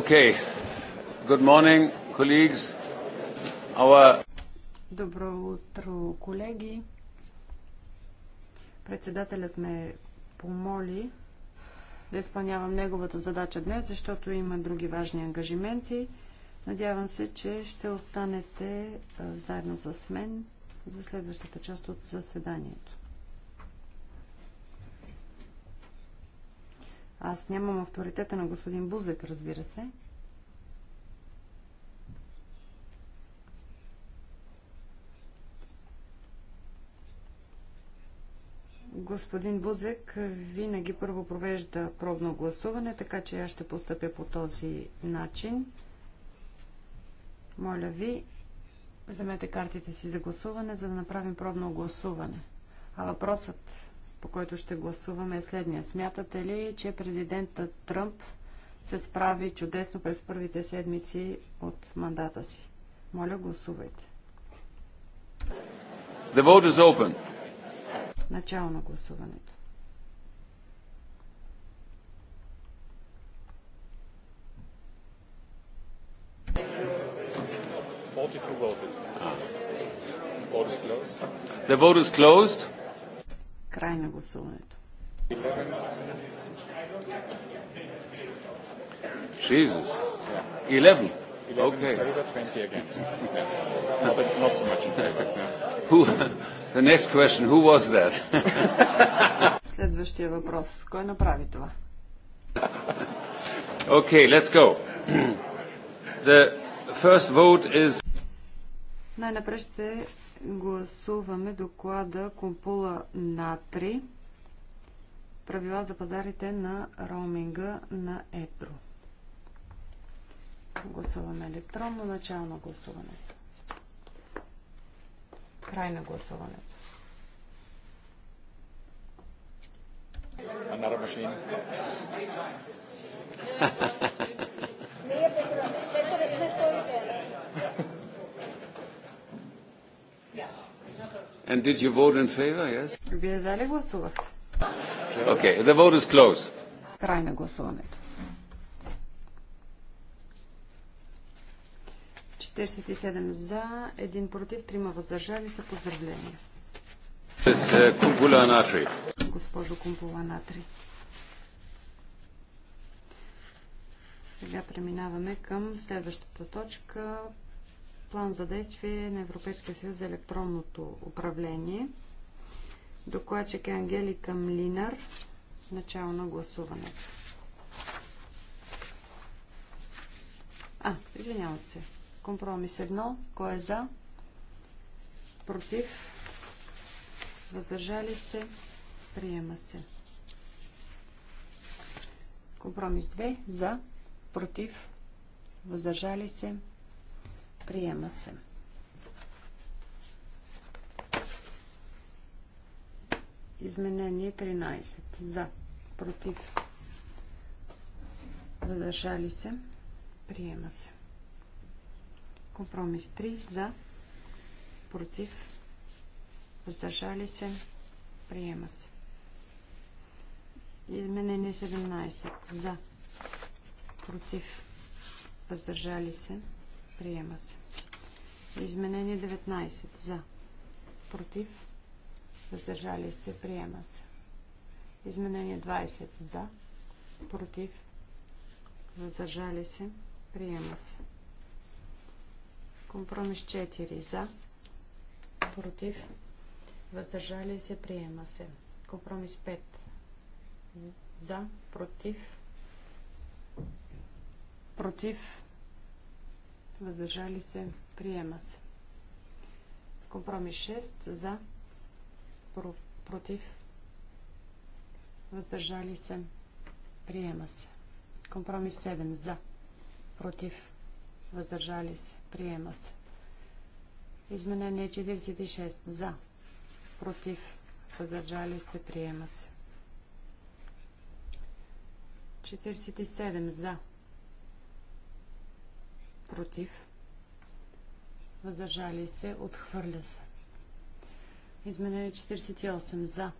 Okay. Good morning, colleagues. Our... Добро утро, колеги. Председателят ме помоли да изпълнявам неговата задача днес, защото има други важни ангажименти. Надявам се, че ще останете заедно с мен за следващата част от заседанието. Аз нямам авторитета на господин Бузек, разбира се. Господин Бузек винаги първо провежда пробно гласуване, така че аз ще постъпя по този начин. Моля ви, вземете картите си за гласуване, за да направим пробно гласуване. А въпросът по който ще гласуваме е следния. Смятате ли, че президентът Тръмп се справи чудесно през първите седмици от мандата си? Моля, гласувайте. The vote is open. Начало на гласуването. Ah. The vote is closed. Край на гласуването. Jesus. 11. Okay. Not so much in favor. Who, the next question, who was that? Следващия въпрос. Кой направи това? Okay, let's go. The first vote is... Най-напред ще Гласуваме доклада Компула Натри. Правила за пазарите на роуминга на Едро. Гласуваме електронно начало на гласуването. Край на гласуването. Another machine. And did you vote in favor, yes? Вие за ли гласувахте? Okay, the vote is closed. Край на гласуването. 47 за, 1 против, 3 въздържали са. Поздравления. Uh, Госпожо Кумпула Натри. Сега преминаваме към следващата точка план за действие на Европейския съюз за електронното управление. Докладчик е Ангелика Млинар. Начало на гласуване. А, извинявам се. Компромис едно. Кой е за? Против? Въздържали се? Приема се. Компромис 2. За? Против? Въздържали се? Приема се. Изменение 13. За. Против. Въздържали се. Приема се. Компромис 3. За. Против. Въздържали се. Приема се. Изменение 17. За. Против. Въздържали се. Приема се. Изменение 19. За. Против. Въздържали се. Приема се. Изменение 20. За. Против. Въздържали се. Приема се. Компромис 4. За. Против. Въздържали се. Приема се. Компромис 5. За. Против. Против въздържали се, приема се. Компромис 6 за, против, въздържали се, приема се. Компромис 7 за, против, въздържали се, приема се. Изменение 46 за, против, въздържали се, приема се. 47 за, против, въздържали се, отхвърля се. Изменение 48 за,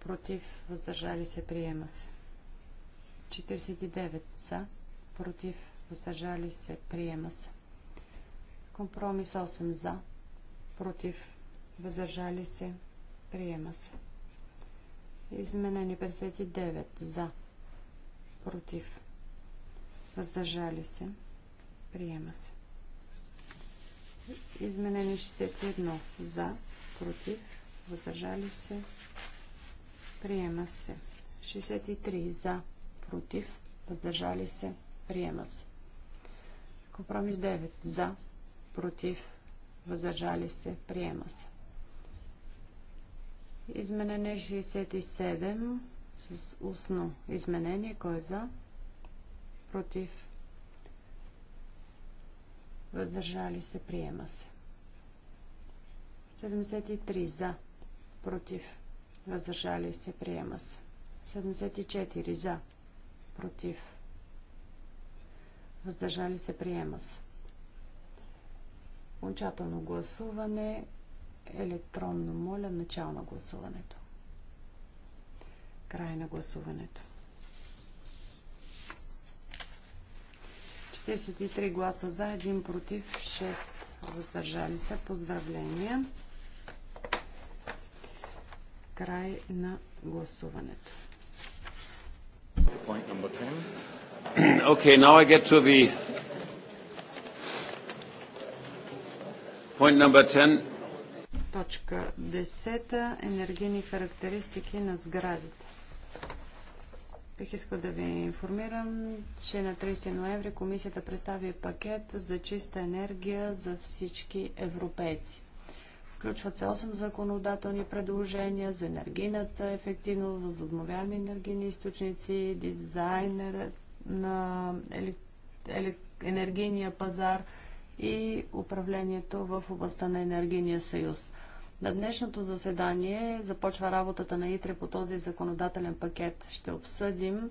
против, въздържали се, приема се. 49 за, против, въздържали се, приема се. Компромис 8 за, против, въздържали се, приема се. Изменени 59 за, против, въздържали се, Приема се. Изменение 61. За, против, въздържали се. Приема се. 63. За, против, въздържали се. Приема се. Компромис 9. За, против, въздържали се. Приема се. Изменение 67 с устно изменение. Кой е за? Против, въздържали се, приема се. 73 за, против, въздържали се, приема се. 74 за, против, въздържали се, приема се. Окончателно гласуване, електронно моля, начало на гласуването. Край на гласуването. 43 гласа за, 1 против, 6 въздържали се. Поздравления! Край на гласуването. Okay, now I get to the point number 10. Точка 10. Енергийни характеристики на сградите. Бих искал да ви информирам, че на 30 ноември комисията представи пакет за чиста енергия за всички европейци. Включват се 8 законодателни предложения за енергийната ефективност, възобновяеми енергийни източници, дизайнер на енергийния пазар и управлението в областта на енергийния съюз. На днешното заседание започва работата на ИТРЕ по този законодателен пакет. Ще обсъдим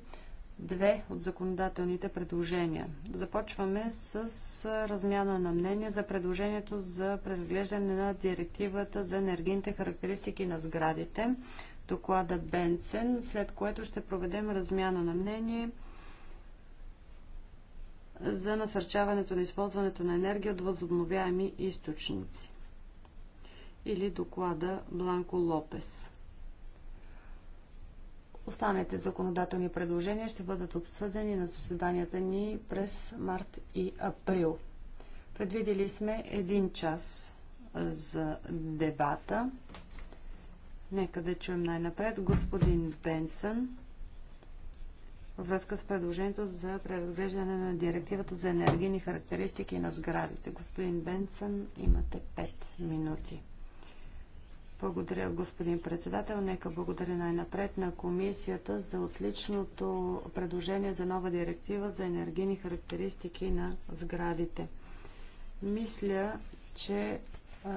две от законодателните предложения. Започваме с размяна на мнение за предложението за преразглеждане на директивата за енергийните характеристики на сградите, доклада Бенцен, след което ще проведем размяна на мнение за насърчаването на използването на енергия от възобновяеми източници или доклада Бланко Лопес. Останалите законодателни предложения ще бъдат обсъдени на заседанията ни през март и април. Предвидели сме един час за дебата. Нека да чуем най-напред господин Бенсън във връзка с предложението за преразглеждане на директивата за енергийни характеристики на сградите. Господин Бенсън, имате 5 минути. Благодаря, господин председател. Нека благодаря най-напред на комисията за отличното предложение за нова директива за енергийни характеристики на сградите. Мисля, че а,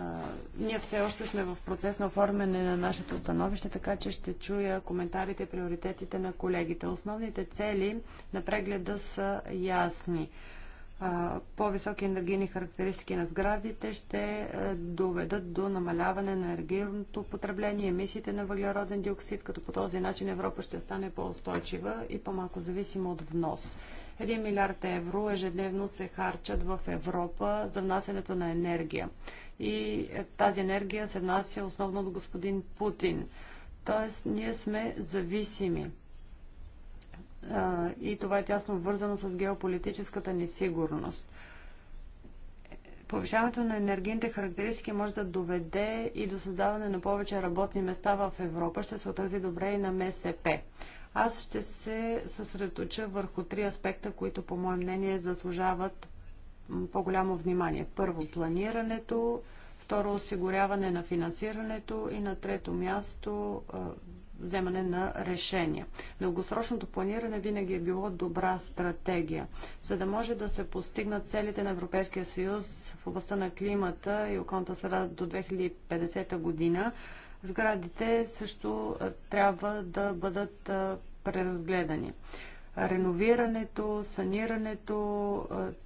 ние все още сме в процес на оформяне на нашето становище, така че ще чуя коментарите и приоритетите на колегите. Основните цели на прегледа са ясни по-високи енергийни характеристики на сградите ще е, доведат до намаляване на енергийното потребление, емисиите на въглероден диоксид, като по този начин Европа ще стане по-устойчива и по-малко зависима от внос. 1 милиард евро ежедневно се харчат в Европа за внасянето на енергия. И е, тази енергия се внася основно от господин Путин. Тоест, ние сме зависими и това е тясно вързано с геополитическата несигурност. Повишаването на енергийните характеристики може да доведе и до създаване на повече работни места в Европа. Ще се отрази добре и на МСП. Аз ще се съсредоточа върху три аспекта, които по мое мнение заслужават по-голямо внимание. Първо, планирането, второ, осигуряване на финансирането и на трето място вземане на решения. Дългосрочното планиране винаги е било добра стратегия. За да може да се постигнат целите на Европейския съюз в областта на климата и околната среда до 2050 година, сградите също трябва да бъдат преразгледани. Реновирането, санирането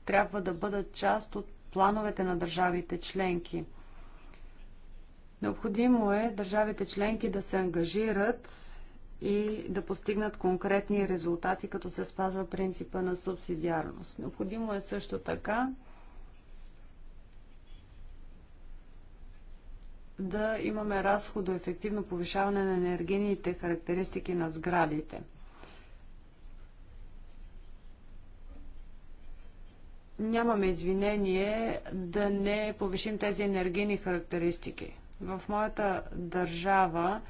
трябва да бъдат част от плановете на държавите членки – Необходимо е държавите членки да се ангажират и да постигнат конкретни резултати, като се спазва принципа на субсидиарност. Необходимо е също така да имаме разходоефективно повишаване на енергийните характеристики на сградите. Нямаме извинение да не повишим тези енергийни характеристики. В моята държава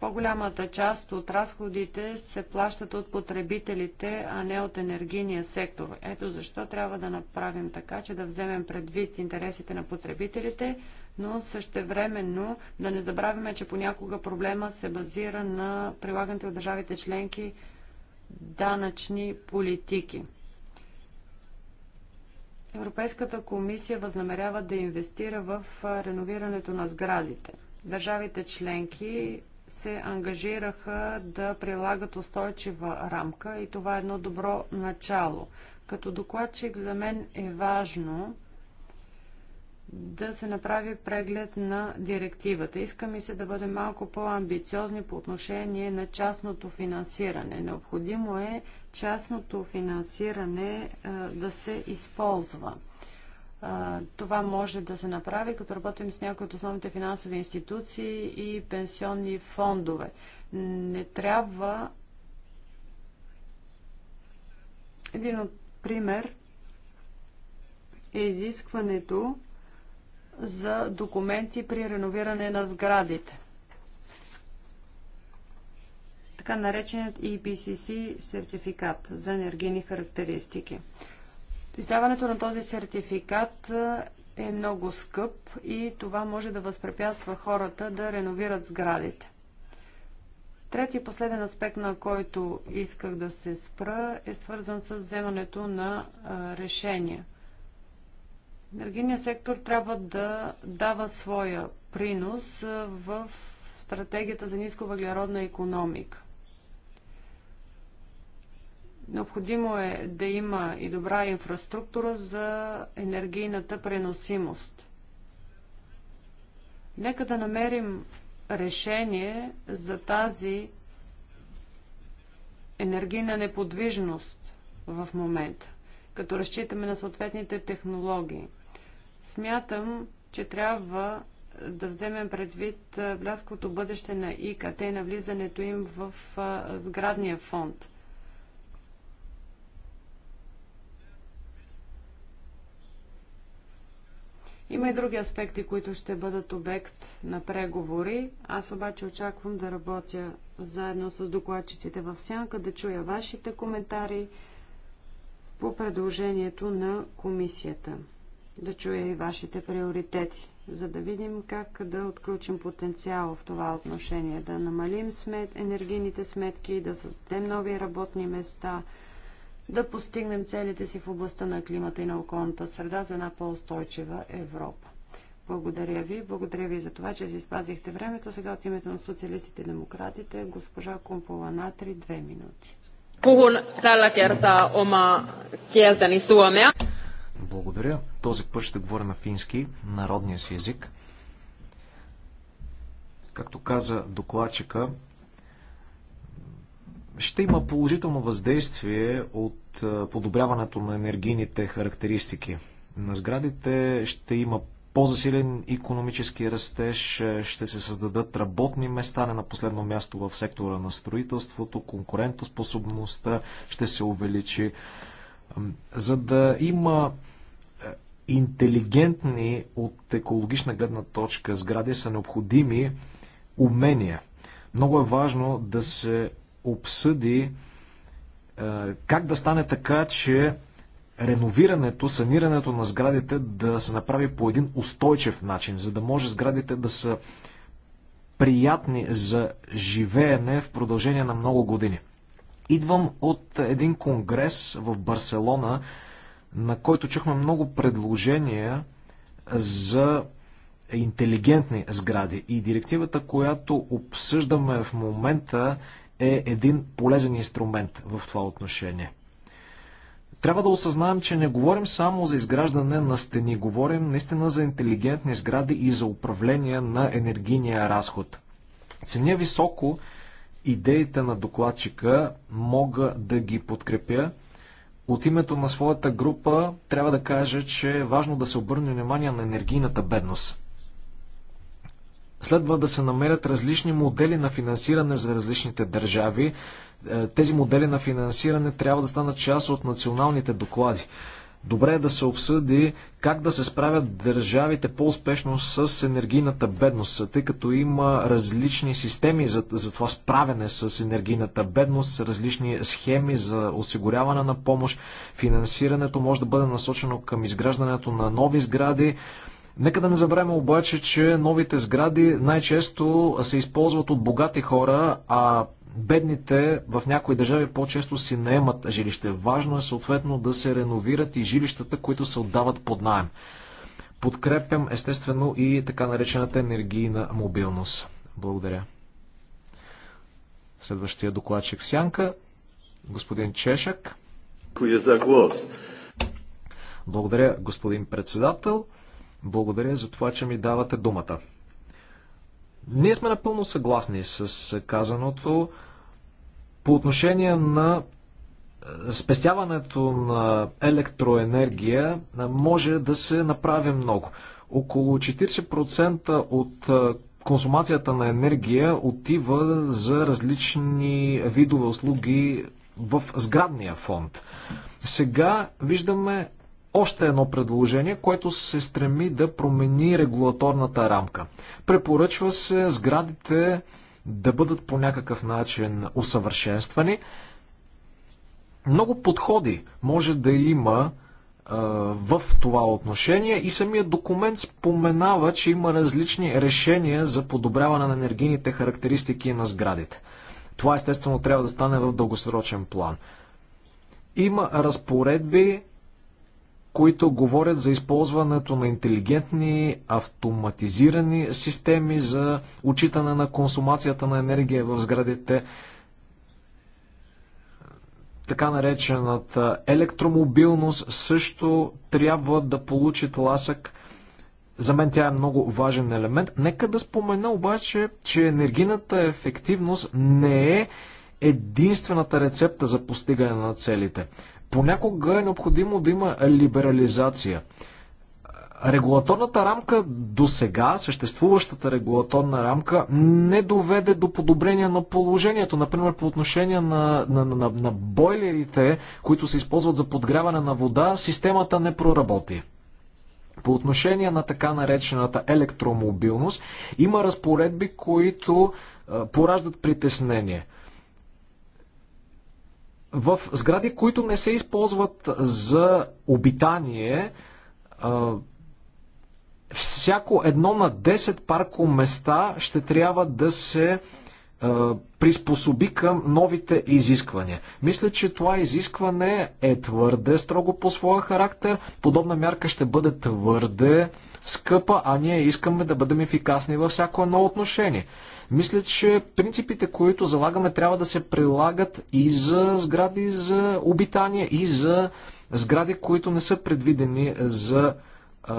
по-голямата част от разходите се плащат от потребителите, а не от енергийния сектор. Ето защо трябва да направим така, че да вземем предвид интересите на потребителите, но същевременно да не забравяме, че понякога проблема се базира на прилаганите от държавите членки данъчни политики. Европейската комисия възнамерява да инвестира в реновирането на сградите. Държавите членки се ангажираха да прилагат устойчива рамка и това е едно добро начало. Като докладчик за мен е важно да се направи преглед на директивата. Иска ми се да бъдем малко по-амбициозни по отношение на частното финансиране. Необходимо е частното финансиране е, да се използва. Е, това може да се направи, като работим с някои от основните финансови институции и пенсионни фондове. Не трябва. Един от пример е изискването за документи при реновиране на сградите. Така нареченият EPCC сертификат за енергийни характеристики. Издаването на този сертификат е много скъп и това може да възпрепятства хората да реновират сградите. Трети и последен аспект, на който исках да се спра, е свързан с вземането на решения. Енергийният сектор трябва да дава своя принос в стратегията за ниско въглеродна економика. Необходимо е да има и добра инфраструктура за енергийната преносимост. Нека да намерим решение за тази енергийна неподвижност в момента, като разчитаме на съответните технологии – Смятам, че трябва да вземем предвид бляското бъдеще на ИКТ и на влизането им в сградния фонд. Има и други аспекти, които ще бъдат обект на преговори. Аз обаче очаквам да работя заедно с докладчиците в сянка, да чуя вашите коментари по предложението на комисията да чуя и вашите приоритети, за да видим как да отключим потенциал в това отношение, да намалим смет, енергийните сметки, да създадем нови работни места, да постигнем целите си в областта на климата и на околната среда за една по-устойчива Европа. Благодаря ви. Благодаря ви за това, че си спазихте времето. Сега от името на социалистите и демократите, госпожа Кумпола Натри, две минути. Puhun tällä kertaa omaa kieltäni suomea. Благодаря. Този път ще говоря на фински, народния си език. Както каза докладчика, ще има положително въздействие от подобряването на енергийните характеристики. На сградите ще има по-засилен економически растеж, ще се създадат работни места, не на последно място в сектора на строителството, конкурентоспособността ще се увеличи. За да има е, интелигентни от екологична гледна точка сгради са необходими умения. Много е важно да се обсъди е, как да стане така, че реновирането, санирането на сградите да се направи по един устойчив начин, за да може сградите да са приятни за живеене в продължение на много години. Идвам от един конгрес в Барселона, на който чухме много предложения за интелигентни сгради. И директивата, която обсъждаме в момента, е един полезен инструмент в това отношение. Трябва да осъзнаем, че не говорим само за изграждане на стени, говорим наистина за интелигентни сгради и за управление на енергийния разход. Ценя високо идеите на докладчика, мога да ги подкрепя. От името на своята група трябва да кажа, че е важно да се обърне внимание на енергийната бедност. Следва да се намерят различни модели на финансиране за различните държави. Е, тези модели на финансиране трябва да станат част от националните доклади Добре е да се обсъди как да се справят държавите по-успешно с енергийната бедност, тъй като има различни системи за, за това справяне с енергийната бедност, различни схеми за осигуряване на помощ. Финансирането може да бъде насочено към изграждането на нови сгради, Нека да не забравяме обаче, че новите сгради най-често се използват от богати хора, а бедните в някои държави по-често си наемат жилище. Важно е съответно да се реновират и жилищата, които се отдават под найем. Подкрепям естествено и така наречената енергийна мобилност. Благодаря. Следващия докладчик в сянка, господин Чешък. за глас? Благодаря, господин председател. Благодаря за това, че ми давате думата. Ние сме напълно съгласни с казаното по отношение на е, спестяването на електроенергия е, може да се направи много. Около 40% от е, консумацията на енергия отива за различни видове услуги в сградния фонд. Сега виждаме още едно предложение, което се стреми да промени регулаторната рамка. Препоръчва се сградите да бъдат по някакъв начин усъвършенствани. Много подходи може да има в това отношение и самият документ споменава, че има различни решения за подобряване на енергийните характеристики на сградите. Това естествено трябва да стане в дългосрочен план. Има разпоредби които говорят за използването на интелигентни, автоматизирани системи за отчитане на консумацията на енергия в сградите, така наречената електромобилност също трябва да получи тласък. За мен тя е много важен елемент. Нека да спомена обаче, че енергийната ефективност не е единствената рецепта за постигане на целите. Понякога е необходимо да има либерализация. Регулаторната рамка до сега, съществуващата регулаторна рамка, не доведе до подобрение на положението. Например, по отношение на, на, на, на бойлерите, които се използват за подгряване на вода, системата не проработи. По отношение на така наречената електромобилност, има разпоредби, които пораждат притеснение в сгради, които не се използват за обитание, всяко едно на 10 парко места ще трябва да се приспособи към новите изисквания. Мисля, че това изискване е твърде строго по своя характер. Подобна мярка ще бъде твърде скъпа, а ние искаме да бъдем ефикасни във всяко едно отношение. Мисля, че принципите, които залагаме, трябва да се прилагат и за сгради за обитание, и за сгради, които не са предвидени за е,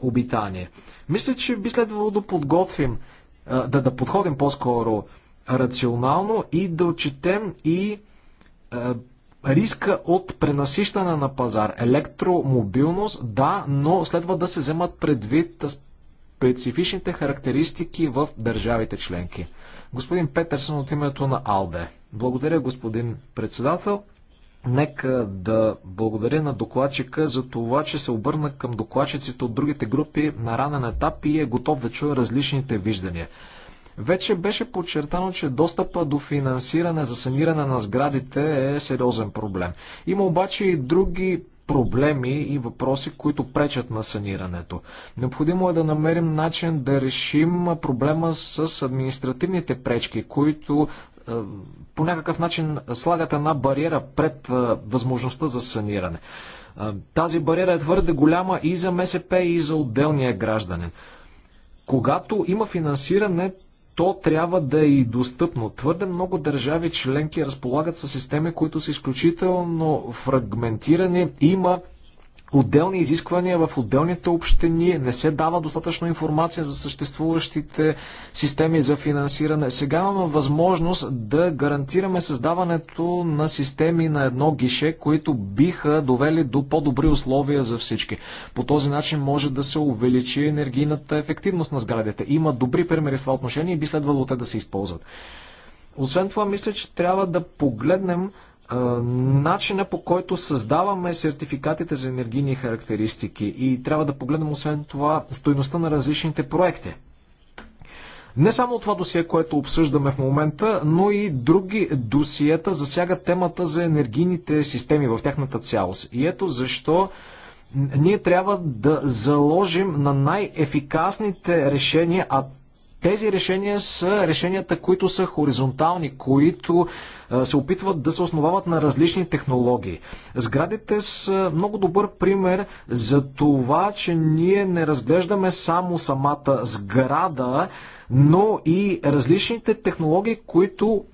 обитание. Мисля, че би следвало да подготвим, е, да, да подходим по-скоро рационално и да отчетем и е, риска от пренасищане на пазар. Електромобилност, да, но следва да се вземат предвид специфичните характеристики в държавите членки. Господин Петърсън от името на АЛДЕ. Благодаря, господин председател. Нека да благодаря на докладчика за това, че се обърна към докладчиците от другите групи на ранен етап и е готов да чуе различните виждания. Вече беше подчертано, че достъпа до финансиране за саниране на сградите е сериозен проблем. Има обаче и други проблеми и въпроси, които пречат на санирането. Необходимо е да намерим начин да решим проблема с административните пречки, които е, по някакъв начин слагат една бариера пред е, възможността за саниране. Е, тази бариера е твърде голяма и за МСП, и за отделния гражданин. Когато има финансиране, то трябва да е и достъпно. Твърде много държави членки разполагат с системи, които са изключително фрагментирани. Има отделни изисквания в отделните общини, не се дава достатъчно информация за съществуващите системи за финансиране. Сега имаме възможност да гарантираме създаването на системи на едно гише, които биха довели до по-добри условия за всички. По този начин може да се увеличи енергийната ефективност на сградите. Има добри примери в това отношение и би следвало те да се използват. Освен това, мисля, че трябва да погледнем начина по който създаваме сертификатите за енергийни характеристики и трябва да погледнем освен това стоеността на различните проекти. Не само това досие, което обсъждаме в момента, но и други досиета засягат темата за енергийните системи в тяхната цялост. И ето защо ние трябва да заложим на най-ефикасните решения, а тези решения са решенията, които са хоризонтални, които се опитват да се основават на различни технологии. Сградите са много добър пример за това, че ние не разглеждаме само самата сграда, но и различните технологии, които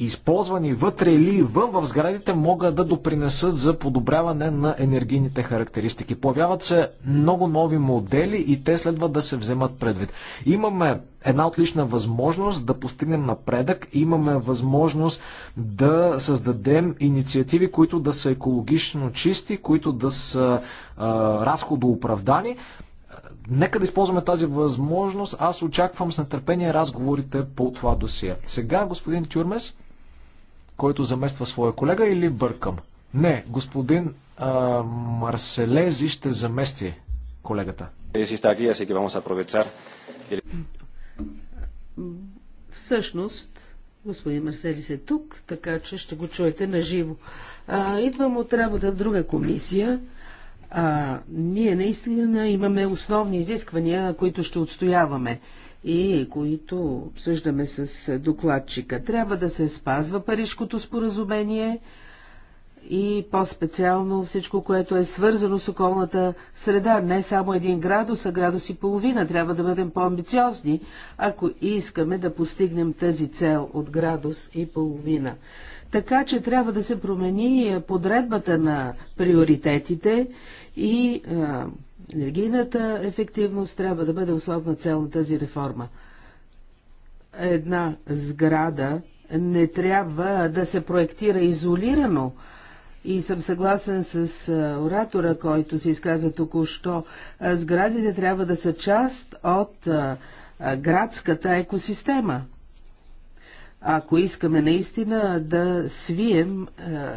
използвани вътре или вън в сградите, могат да допринесат за подобряване на енергийните характеристики. Появяват се много нови модели и те следва да се вземат предвид. Имаме една отлична възможност да постигнем напредък, имаме възможност да създадем инициативи, които да са екологично чисти, които да са а, разходооправдани. Нека да използваме тази възможност. Аз очаквам с нетърпение разговорите по това досия. Сега, господин Тюрмес, който замества своя колега или бъркам? Не, господин а, Марселези ще замести колегата. Е, Всъщност, господин Марселис е тук, така че ще го чуете наживо. идвам от работа в друга комисия. А, ние наистина имаме основни изисквания, които ще отстояваме и които обсъждаме с докладчика. Трябва да се спазва Парижкото споразумение и по-специално всичко, което е свързано с околната среда. Не само един градус, а градус и половина. Трябва да бъдем по-амбициозни, ако искаме да постигнем тази цел от градус и половина. Така че трябва да се промени подредбата на приоритетите и енергийната ефективност трябва да бъде основна цел на тази реформа. Една сграда не трябва да се проектира изолирано. И съм съгласен с оратора, който се изказа току-що. Сградите трябва да са част от градската екосистема. Ако искаме наистина да свием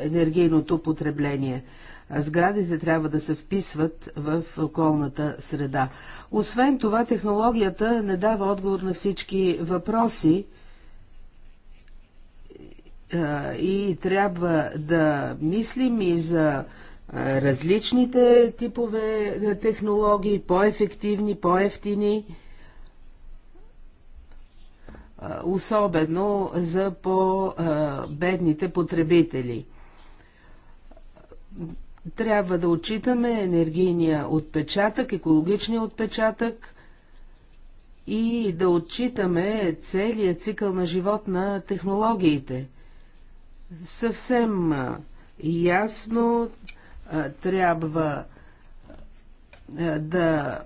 енергийното потребление – сградите трябва да се вписват в околната среда. Освен това, технологията не дава отговор на всички въпроси и трябва да мислим и за различните типове технологии, по-ефективни, по-ефтини, особено за по-бедните потребители трябва да отчитаме енергийния отпечатък, екологичния отпечатък и да отчитаме целият цикъл на живот на технологиите. Съвсем ясно трябва да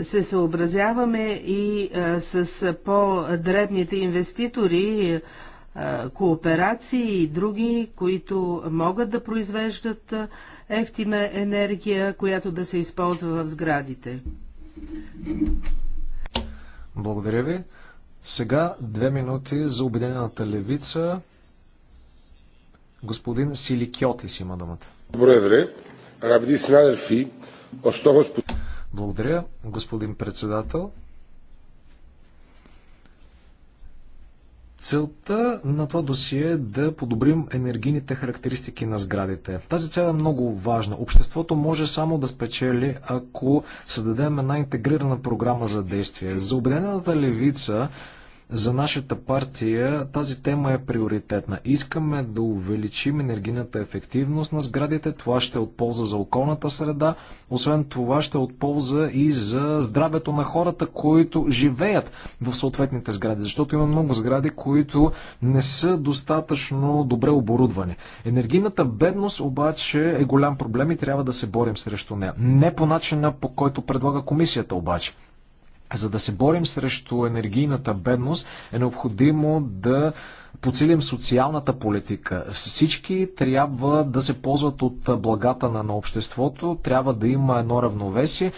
се съобразяваме и с по-дребните инвеститори, кооперации и други, които могат да произвеждат ефтина енергия, която да се използва в сградите. Благодаря ви. Сега две минути за Обединената левица. Господин Силикиотис има думата. Благодаря. Благодаря, господин председател. Целта на това досие е да подобрим енергийните характеристики на сградите. Тази цел е много важна. Обществото може само да спечели, ако създадем една интегрирана програма за действие. За обединената левица за нашата партия тази тема е приоритетна. Искаме да увеличим енергийната ефективност на сградите. Това ще е от полза за околната среда. Освен това ще е от полза и за здравето на хората, които живеят в съответните сгради. Защото има много сгради, които не са достатъчно добре оборудвани. Енергийната бедност обаче е голям проблем и трябва да се борим срещу нея. Не по начина по който предлага комисията обаче. За да се борим срещу енергийната бедност, е необходимо да подсилим социалната политика. Всички трябва да се ползват от благата на, на обществото, трябва да има едно равновесие.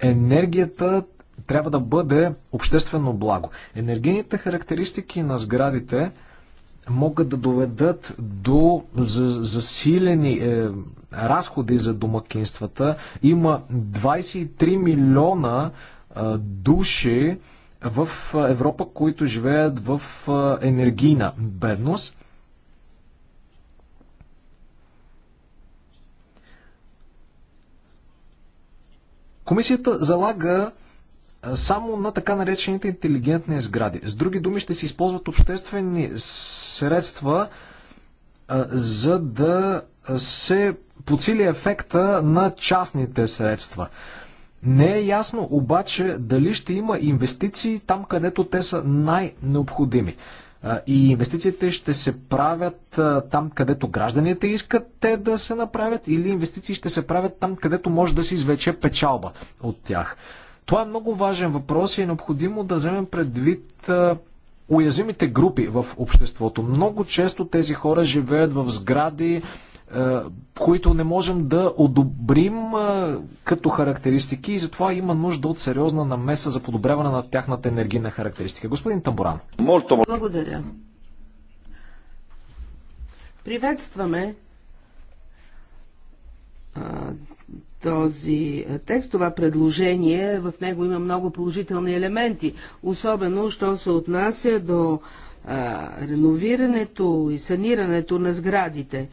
Енергията трябва да бъде обществено благо. Енергийните характеристики на сградите могат да доведат до засилени е, разходи за домакинствата. Има 23 милиона души в Европа, които живеят в енергийна бедност. Комисията залага само на така наречените интелигентни сгради. С други думи, ще се използват обществени средства, за да се подсили ефекта на частните средства. Не е ясно обаче дали ще има инвестиции там, където те са най-необходими. И инвестициите ще се правят там, където гражданите искат те да се направят, или инвестиции ще се правят там, където може да се извлече печалба от тях. Това е много важен въпрос и е необходимо да вземем предвид уязвимите групи в обществото. Много често тези хора живеят в сгради, е, които не можем да одобрим е, като характеристики и затова има нужда от сериозна намеса за подобряване на тяхната енергийна характеристика. Господин Тамбуран. Благодаря. Приветстваме е, този текст, това предложение, в него има много положителни елементи, особено, що се отнася до а, реновирането и санирането на сградите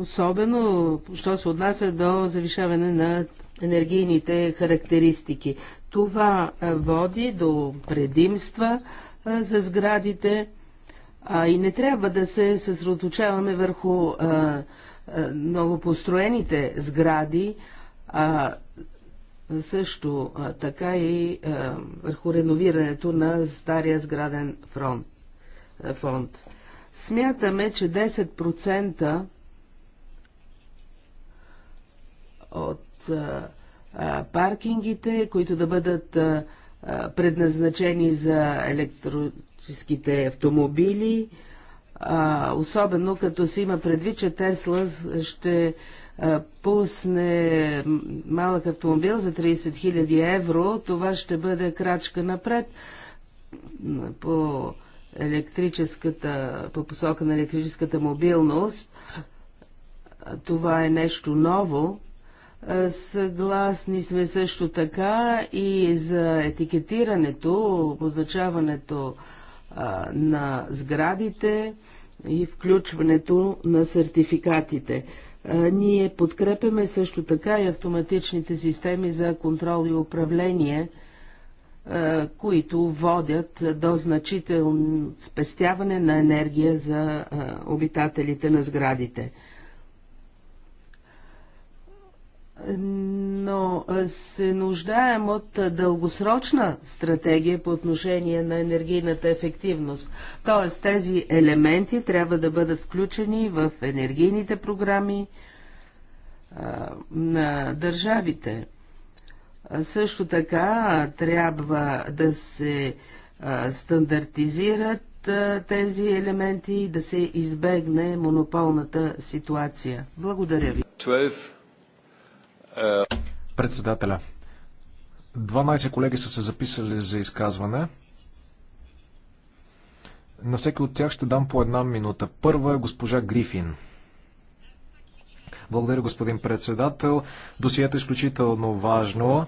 особено, що се отнася до завишаване на енергийните характеристики. Това води до предимства за сградите и не трябва да се съсредоточаваме върху новопостроените сгради, а също така и върху реновирането на стария сграден фронт, фонд. Смятаме, че 10% от а, паркингите, които да бъдат а, предназначени за електрическите автомобили, а, особено като се има предвид, че Тесла ще пусне малък автомобил за 30 000 евро, това ще бъде крачка напред по електрическата, по посока на електрическата мобилност. Това е нещо ново. Съгласни сме също така и за етикетирането, обозначаването а, на сградите и включването на сертификатите. А, ние подкрепяме също така и автоматичните системи за контрол и управление – е, които водят до значително спестяване на енергия за е, обитателите на сградите. Но е, се нуждаем от дългосрочна стратегия по отношение на енергийната ефективност. Тоест тези елементи трябва да бъдат включени в енергийните програми на държавите – също така трябва да се стандартизират тези елементи и да се избегне монополната ситуация. Благодаря ви. 12. Председателя. 12 колеги са се записали за изказване. На всеки от тях ще дам по една минута. Първа е госпожа Грифин. Благодаря, господин председател. Досието е изключително важно.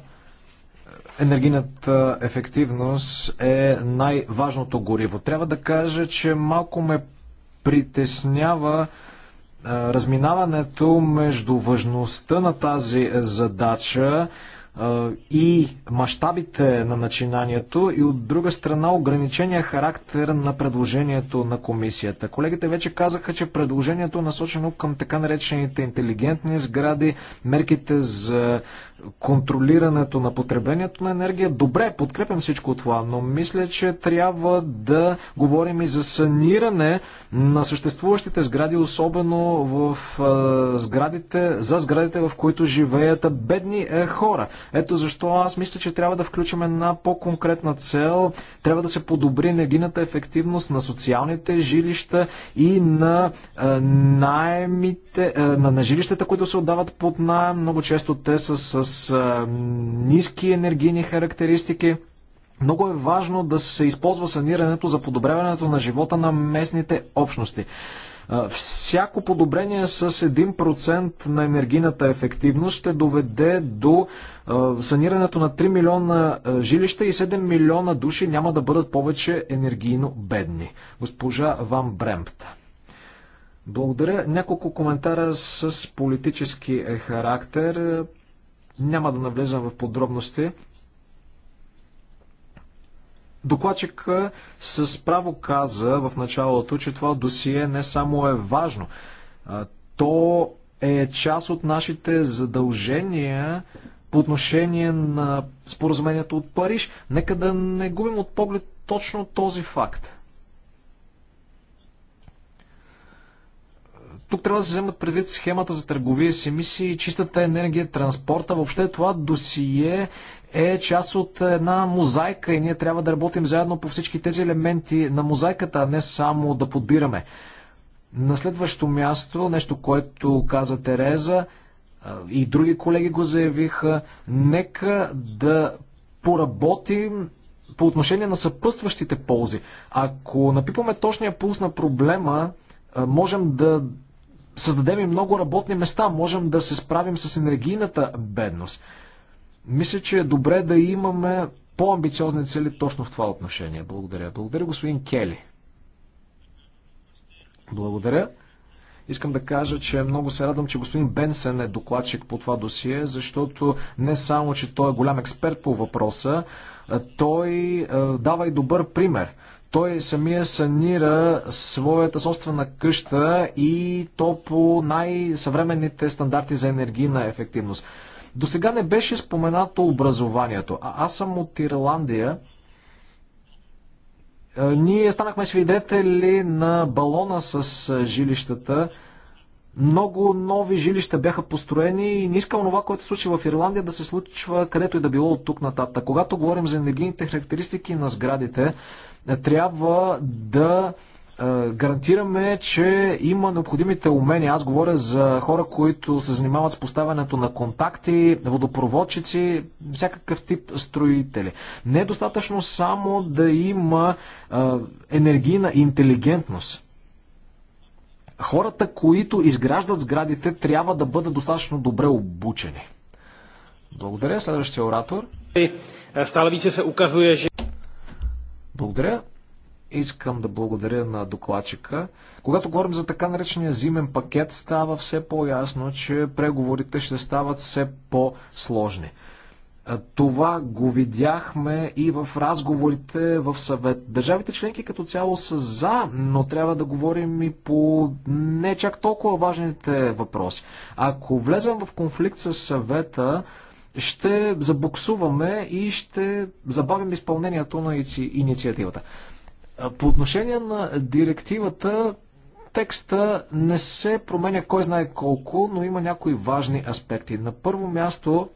Енергийната ефективност е най-важното гориво. Трябва да кажа, че малко ме притеснява разминаването между важността на тази задача и мащабите на начинанието и от друга страна ограничения характер на предложението на комисията. Колегите вече казаха, че предложението е насочено към така наречените интелигентни сгради, мерките за контролирането на потреблението на енергия. Добре, подкрепям всичко това, но мисля, че трябва да говорим и за саниране на съществуващите сгради, особено в е, сградите, за сградите, в които живеят бедни е, хора. Ето защо аз мисля, че трябва да включим една по-конкретна цел. Трябва да се подобри енергийната ефективност на социалните жилища и на е, найемите, е, на, на жилищата, които се отдават под найем. Много често те са с с ниски енергийни характеристики. Много е важно да се използва санирането за подобряването на живота на местните общности. Всяко подобрение с 1% на енергийната ефективност ще доведе до санирането на 3 милиона жилища и 7 милиона души няма да бъдат повече енергийно бедни. Госпожа Ван Бремпта. Благодаря. Няколко коментара с политически характер. Няма да навлезам в подробности. Докладчик с право каза в началото, че това досие не само е важно, то е част от нашите задължения по отношение на споразумението от Париж. Нека да не губим от поглед точно този факт. Тук трябва да се вземат предвид схемата за търговия с емисии, чистата енергия, транспорта. Въобще това досие е част от една мозайка и ние трябва да работим заедно по всички тези елементи на мозайката, а не само да подбираме. На следващо място, нещо, което каза Тереза и други колеги го заявиха, нека да поработим по отношение на съпътстващите ползи. Ако напипаме точния пулс на проблема, можем да създадем и много работни места, можем да се справим с енергийната бедност. Мисля, че е добре да имаме по-амбициозни цели точно в това отношение. Благодаря. Благодаря, господин Кели. Благодаря. Искам да кажа, че много се радвам, че господин Бенсен е докладчик по това досие, защото не само, че той е голям експерт по въпроса, той дава и добър пример той самия санира своята собствена къща и то по най-съвременните стандарти за енергийна ефективност. До сега не беше споменато образованието. А аз съм от Ирландия. Е, ние станахме свидетели на балона с е, жилищата. Много нови жилища бяха построени и не искам това, което се случи в Ирландия, да се случва където и да било от тук нататък. Когато говорим за енергийните характеристики на сградите, е, трябва да е, гарантираме, че има необходимите умения. Аз говоря за хора, които се занимават с поставянето на контакти, водопроводчици, всякакъв тип строители. Не е достатъчно само да има е, енергийна интелигентност. Хората, които изграждат сградите, трябва да бъдат достатъчно добре обучени. Благодаря. Следващия оратор. Стало че се указва, че благодаря. Искам да благодаря на докладчика. Когато говорим за така наречения зимен пакет, става все по-ясно, че преговорите ще стават все по-сложни. Това го видяхме и в разговорите в съвет. Държавите членки като цяло са за, но трябва да говорим и по не чак толкова важните въпроси. Ако влезем в конфликт с съвета, ще забуксуваме и ще забавим изпълнението на инициативата. По отношение на директивата, текста не се променя кой знае колко, но има някои важни аспекти. На първо място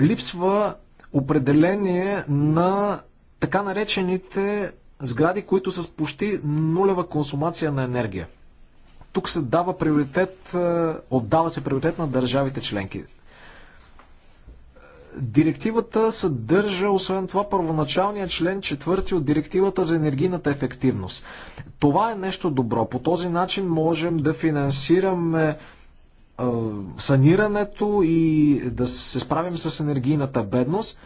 липсва определение на така наречените сгради, които са с почти нулева консумация на енергия. Тук се дава приоритет, е, отдава се приоритет на държавите членки. Директивата съдържа, освен това, първоначалния член четвърти от Директивата за енергийната ефективност. Това е нещо добро. По този начин можем да финансираме е, санирането и да се справим с енергийната бедност.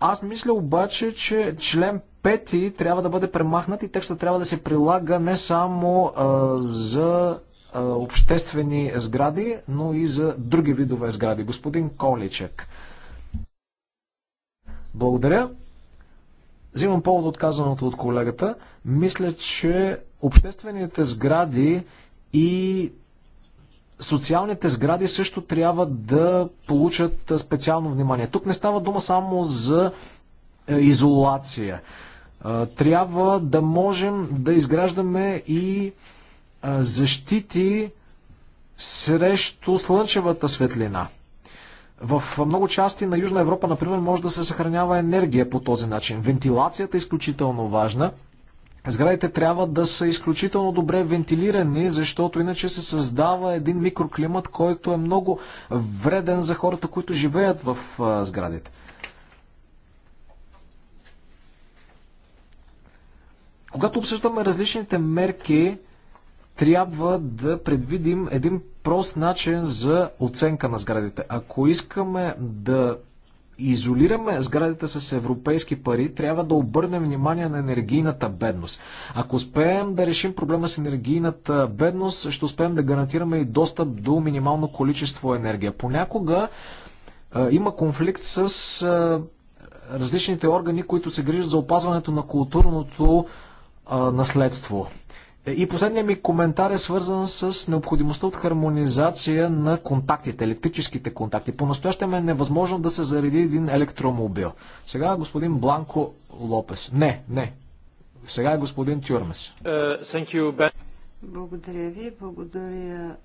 Аз мисля обаче, че член пети трябва да бъде премахнат и текста трябва да се прилага не само а, за а, обществени сгради, но и за други видове сгради. Господин Количек. Благодаря. Взимам повод от казаното от колегата. Мисля, че обществените сгради и социалните сгради също трябва да получат специално внимание. Тук не става дума само за е, изолация. Трябва да можем да изграждаме и защити срещу слънчевата светлина. В много части на Южна Европа, например, може да се съхранява енергия по този начин. Вентилацията е изключително важна. Сградите трябва да са изключително добре вентилирани, защото иначе се създава един микроклимат, който е много вреден за хората, които живеят в сградите. Когато обсъждаме различните мерки, трябва да предвидим един прост начин за оценка на сградите. Ако искаме да изолираме сградите с европейски пари, трябва да обърнем внимание на енергийната бедност. Ако успеем да решим проблема с енергийната бедност, ще успеем да гарантираме и достъп до минимално количество енергия. Понякога а, има конфликт с а, различните органи, които се грижат за опазването на културното наследство. Е, и последният ми коментар е свързан с необходимостта от хармонизация на контактите, електрическите контакти. По-настоящем е невъзможно да се зареди един електромобил. Сега господин Бланко Лопес. Не, не. Сега е господин Тюрмес. Uh, you, благодаря ви. Благодаря,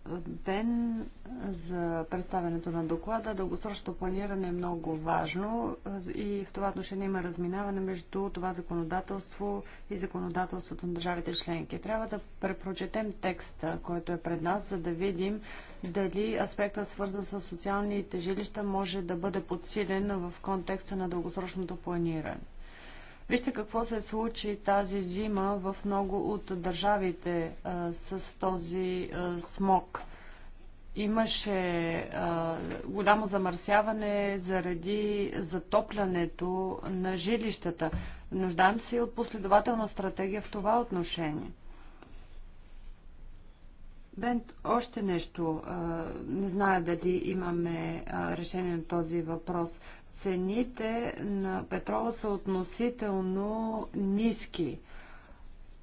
Бен, за представенето на доклада. Дългосрочното планиране е много важно и в това отношение има разминаване между това законодателство и законодателството на държавите членки. Трябва да препрочетем текста, който е пред нас, за да видим дали аспектът свързан с социалните жилища може да бъде подсилен в контекста на дългосрочното планиране. Вижте какво се случи тази зима в много от държавите а, с този а, смог. Имаше а, голямо замърсяване заради затоплянето на жилищата. Нуждаем се и от последователна стратегия в това отношение. Бент, още нещо. Не зная дали имаме решение на този въпрос цените на петрола са относително ниски.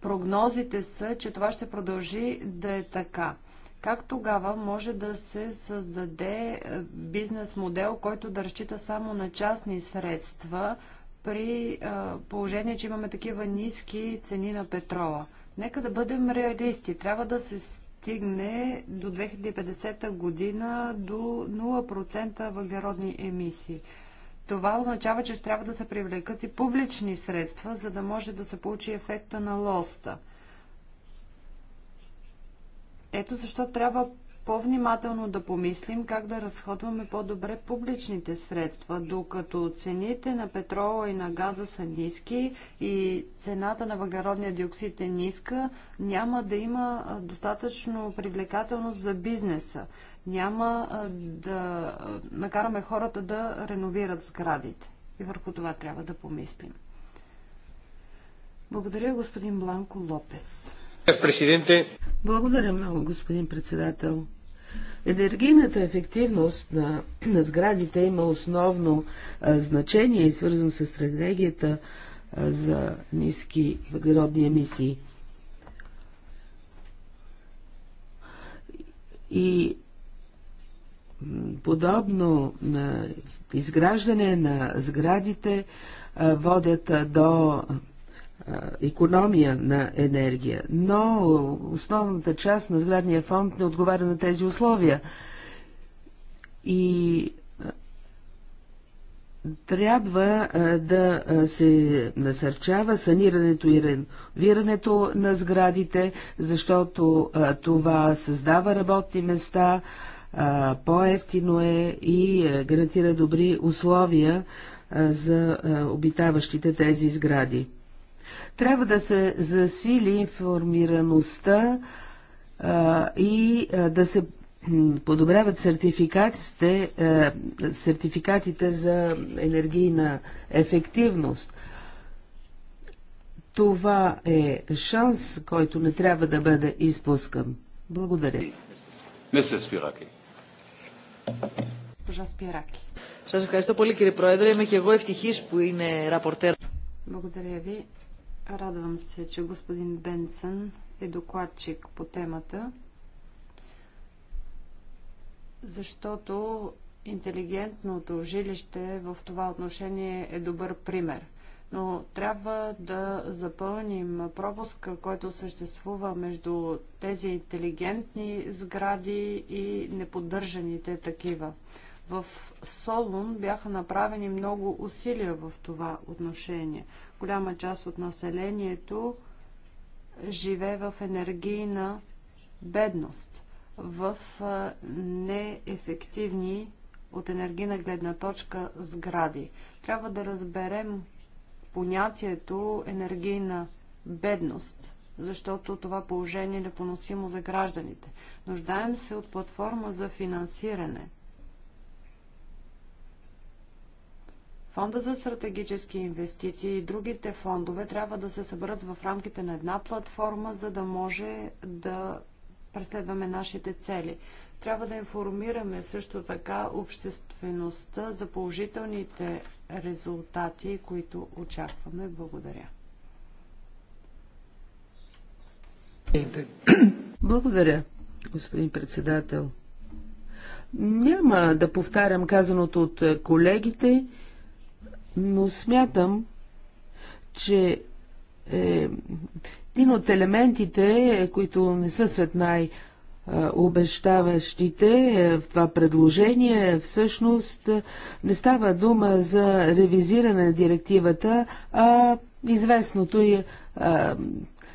Прогнозите са, че това ще продължи да е така. Как тогава може да се създаде е, бизнес модел, който да разчита само на частни средства при е, положение, че имаме такива ниски цени на петрола? Нека да бъдем реалисти. Трябва да се стигне до 2050 година до 0% въглеродни емисии. Това означава, че ще трябва да се привлекат и публични средства, за да може да се получи ефекта на лоста. Ето защо трябва по-внимателно да помислим как да разходваме по-добре публичните средства, докато цените на петрола и на газа са ниски и цената на въглеродния диоксид е ниска, няма да има достатъчно привлекателност за бизнеса. Няма да накараме хората да реновират сградите. И върху това трябва да помислим. Благодаря, господин Бланко Лопес. Благодаря много, господин председател. Енергийната ефективност на, на сградите има основно а, значение и свързано с стратегията а, за ниски въглеродни емисии. И подобно на изграждане на сградите а, водят а, до економия на енергия, но основната част на сградния фонд не отговаря на тези условия. И трябва да се насърчава санирането и реновирането на сградите, защото това създава работни места, по-ефтино е и гарантира добри условия за обитаващите тези сгради. Трябва да се засили информираността а, и а, да се подобряват сертификатите, а, сертификатите за енергийна ефективност. Това е шанс, който не трябва да бъде изпускан. Благодаря. Мисля Спираки. Спираки. Σας ευχαριστώ πολύ κύριε Πρόεδρε. Είμαι και εγώ ευτυχής που είναι ραπορτέρ. Благодаря ви. Радвам се, че господин Бенсън е докладчик по темата, защото интелигентното жилище в това отношение е добър пример. Но трябва да запълним пропуска, който съществува между тези интелигентни сгради и неподдържаните такива. В Солун бяха направени много усилия в това отношение – голяма част от населението живее в енергийна бедност, в неефективни от енергийна гледна точка сгради. Трябва да разберем понятието енергийна бедност, защото това положение е непоносимо за гражданите. Нуждаем се от платформа за финансиране – Фонда за стратегически инвестиции и другите фондове трябва да се съберат в рамките на една платформа, за да може да преследваме нашите цели. Трябва да информираме също така обществеността за положителните резултати, които очакваме. Благодаря. Благодаря, господин председател. Няма да повтарям казаното от колегите но смятам, че е, един от елементите, които не са сред най- обещаващите е, в това предложение, е, всъщност е, не става дума за ревизиране на директивата, а известното и а,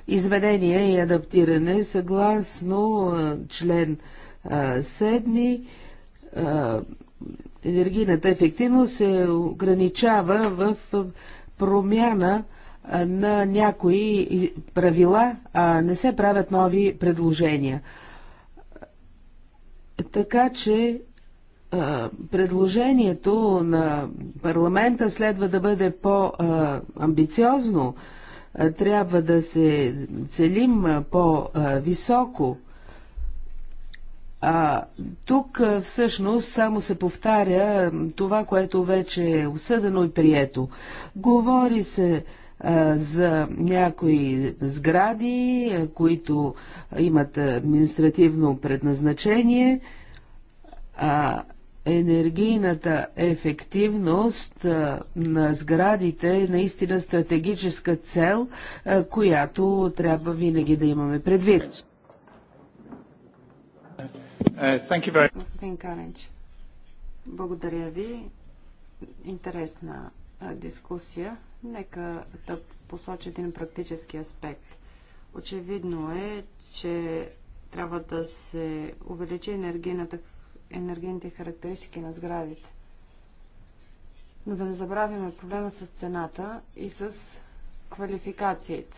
изведение и адаптиране съгласно член 7 енергийната ефективност се ограничава в промяна на някои правила, а не се правят нови предложения. Така че предложението на парламента следва да бъде по-амбициозно, трябва да се целим по-високо а, тук всъщност само се повтаря това, което вече е осъдено и прието. Говори се а, за някои сгради, а, които имат административно предназначение. А, енергийната ефективност на сградите е наистина стратегическа цел, която трябва винаги да имаме предвид. Uh, Господин Каренч, благодаря ви. Интересна дискусия. Нека да посоча един практически аспект. Очевидно е, че трябва да се увеличи енергийните характеристики на сградите. Но да не забравяме проблема с цената и с квалификациите.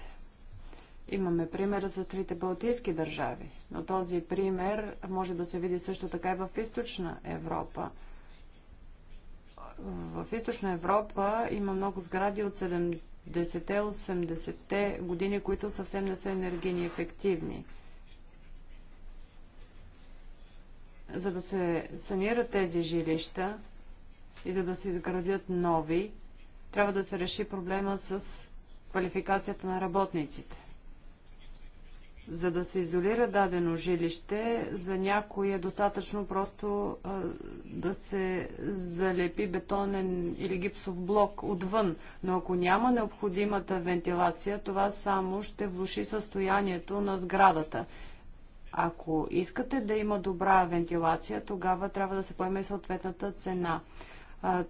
Имаме пример за трите балтийски държави, но този пример може да се види също така и в източна Европа. В източна Европа има много сгради от 70-те, 80-те години, които съвсем не са енергийни ефективни. За да се санират тези жилища и за да се изградят нови, трябва да се реши проблема с квалификацията на работниците. За да се изолира дадено жилище, за някой е достатъчно просто а, да се залепи бетонен или гипсов блок отвън, но ако няма необходимата вентилация, това само ще влуши състоянието на сградата. Ако искате да има добра вентилация, тогава трябва да се поеме съответната цена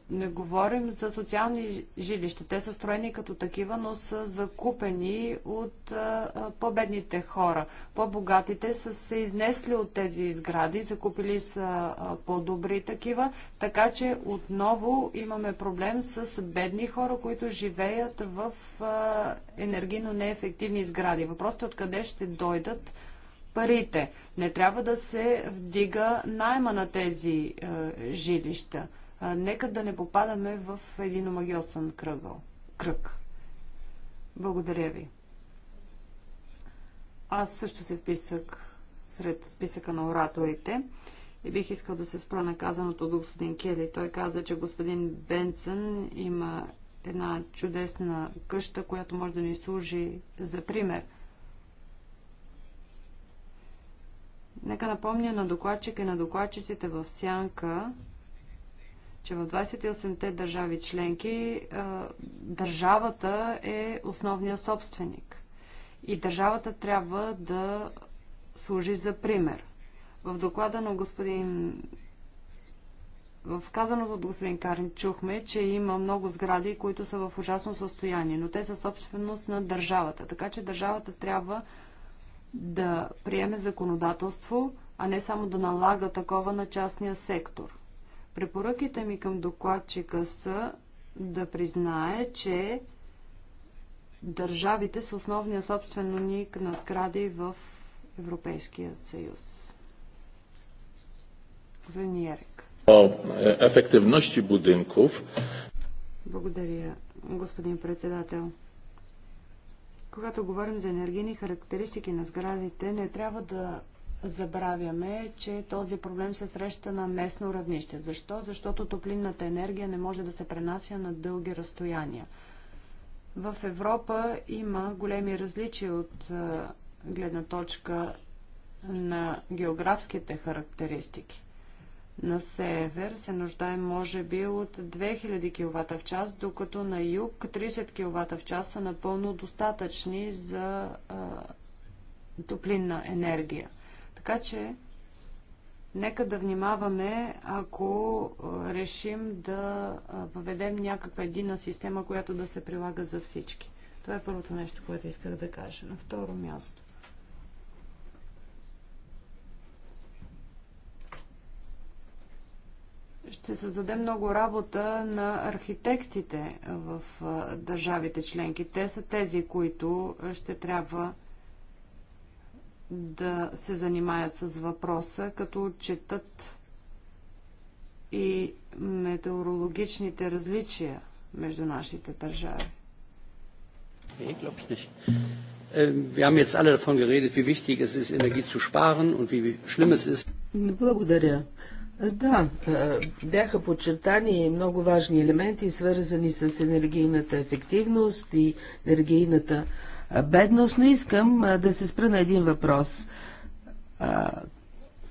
не говорим за социални жилища. Те са строени като такива, но са закупени от по-бедните хора. По-богатите са се изнесли от тези сгради, закупили са по-добри такива, така че отново имаме проблем с бедни хора, които живеят в енергийно неефективни сгради. Въпросът е откъде ще дойдат парите. Не трябва да се вдига найма на тези е, жилища нека да не попадаме в един омагиосен кръгъл, кръг. Благодаря ви. Аз също се вписах сред списъка на ораторите и бих искал да се спра на казаното от господин Кели. Той каза, че господин Бенсън има една чудесна къща, която може да ни служи за пример. Нека напомня на докладчика и на докладчиците в Сянка, че в 28-те държави членки е, държавата е основният собственик. И държавата трябва да служи за пример. В доклада на господин в казаното от господин Карин чухме, че има много сгради, които са в ужасно състояние, но те са собственост на държавата. Така че държавата трябва да приеме законодателство, а не само да налага такова на частния сектор. Препоръките ми към докладчика са да признае, че държавите са основния собственик на сгради в Европейския съюз. Господин Ярек. Е, ефективности будинков. Благодаря, господин председател. Когато говорим за енергийни характеристики на сградите, не трябва да забравяме, че този проблем се среща на местно равнище. Защо? Защото топлинната енергия не може да се пренася на дълги разстояния. В Европа има големи различия от гледна точка на географските характеристики. На север се нуждаем може би от 2000 кВт в час, докато на юг 30 кВт в час са напълно достатъчни за а, топлинна енергия. Така че, нека да внимаваме, ако решим да въведем някаква единна система, която да се прилага за всички. Това е първото нещо, което исках да кажа. На второ място. ще създаде много работа на архитектите в държавите членки. Те са тези, които ще трябва да се занимаят с въпроса, като отчитат и метеорологичните различия между нашите държави. Ähm, Благодаря. Да, е, бяха подчертани много важни елементи, свързани с енергийната ефективност и енергийната бедност, но искам да се спра на един въпрос.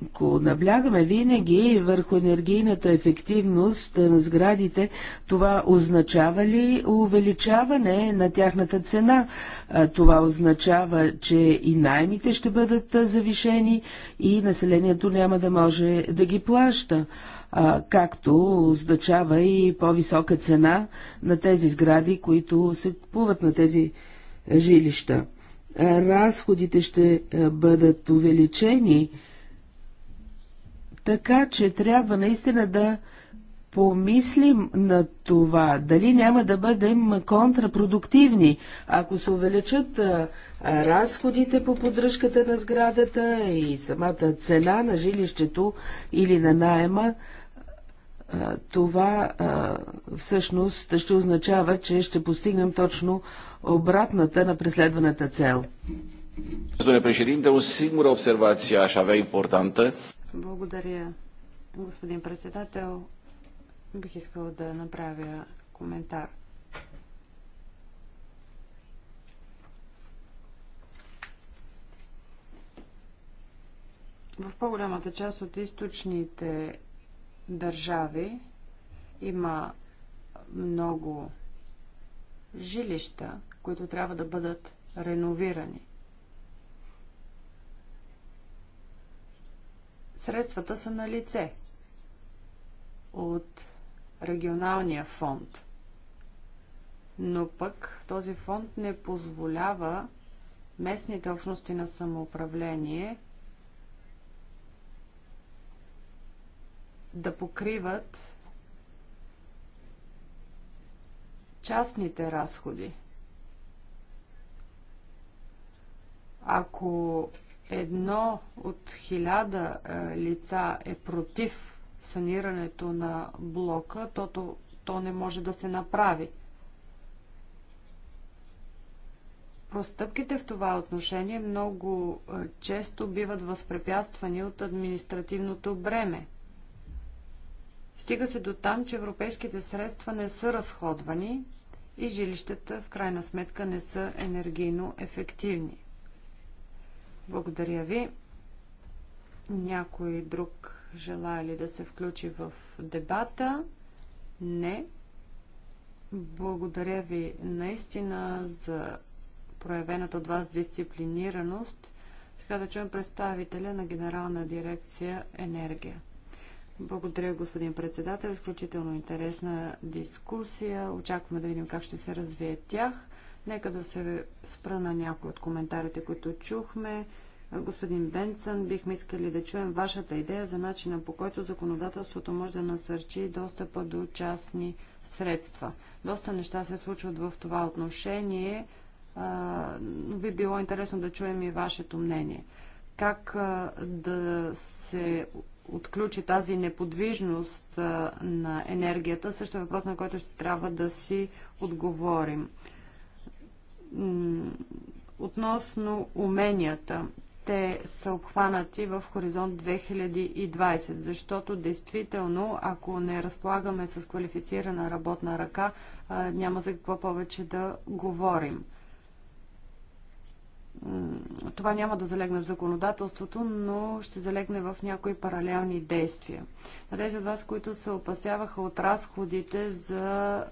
Ако наблягаме винаги върху енергийната ефективност на сградите, това означава ли увеличаване на тяхната цена? Това означава, че и наймите ще бъдат завишени и населението няма да може да ги плаща както означава и по-висока цена на тези сгради, които се купуват на тези жилища. Разходите ще бъдат увеличени, така че трябва наистина да помислим на това, дали няма да бъдем контрапродуктивни, ако се увеличат разходите по поддръжката на сградата и самата цена на жилището или на найема, това всъщност ще означава, че ще постигнем точно обратната на преследваната цел. Благодаря, господин председател. Бих искал да направя коментар. В по-голямата част от източните държави има много жилища, които трябва да бъдат реновирани. Средствата са на лице от регионалния фонд. Но пък този фонд не позволява местните общности на самоуправление да покриват частните разходи. Ако едно от хиляда е, лица е против санирането на блока, то, то, то не може да се направи. Простъпките в това отношение много е, често биват възпрепятствани от административното бреме – Стига се до там, че европейските средства не са разходвани и жилищата в крайна сметка не са енергийно ефективни. Благодаря ви. Някой друг желая ли да се включи в дебата? Не. Благодаря ви наистина за проявената от вас дисциплинираност. Сега да чуем представителя на Генерална дирекция енергия. Благодаря, господин председател. Изключително интересна дискусия. Очакваме да видим как ще се развие тях. Нека да се спра на някои от коментарите, които чухме. Господин Бенсън, бихме искали да чуем вашата идея за начина по който законодателството може да насърчи достъпа до частни средства. Доста неща се случват в това отношение, но би било интересно да чуем и вашето мнение. Как да се отключи тази неподвижност на енергията, също е въпрос, на който ще трябва да си отговорим. Относно уменията, те са обхванати в хоризонт 2020, защото действително, ако не разполагаме с квалифицирана работна ръка, няма за какво повече да говорим това няма да залегне в законодателството, но ще залегне в някои паралелни действия. На тези от вас, които се опасяваха от разходите за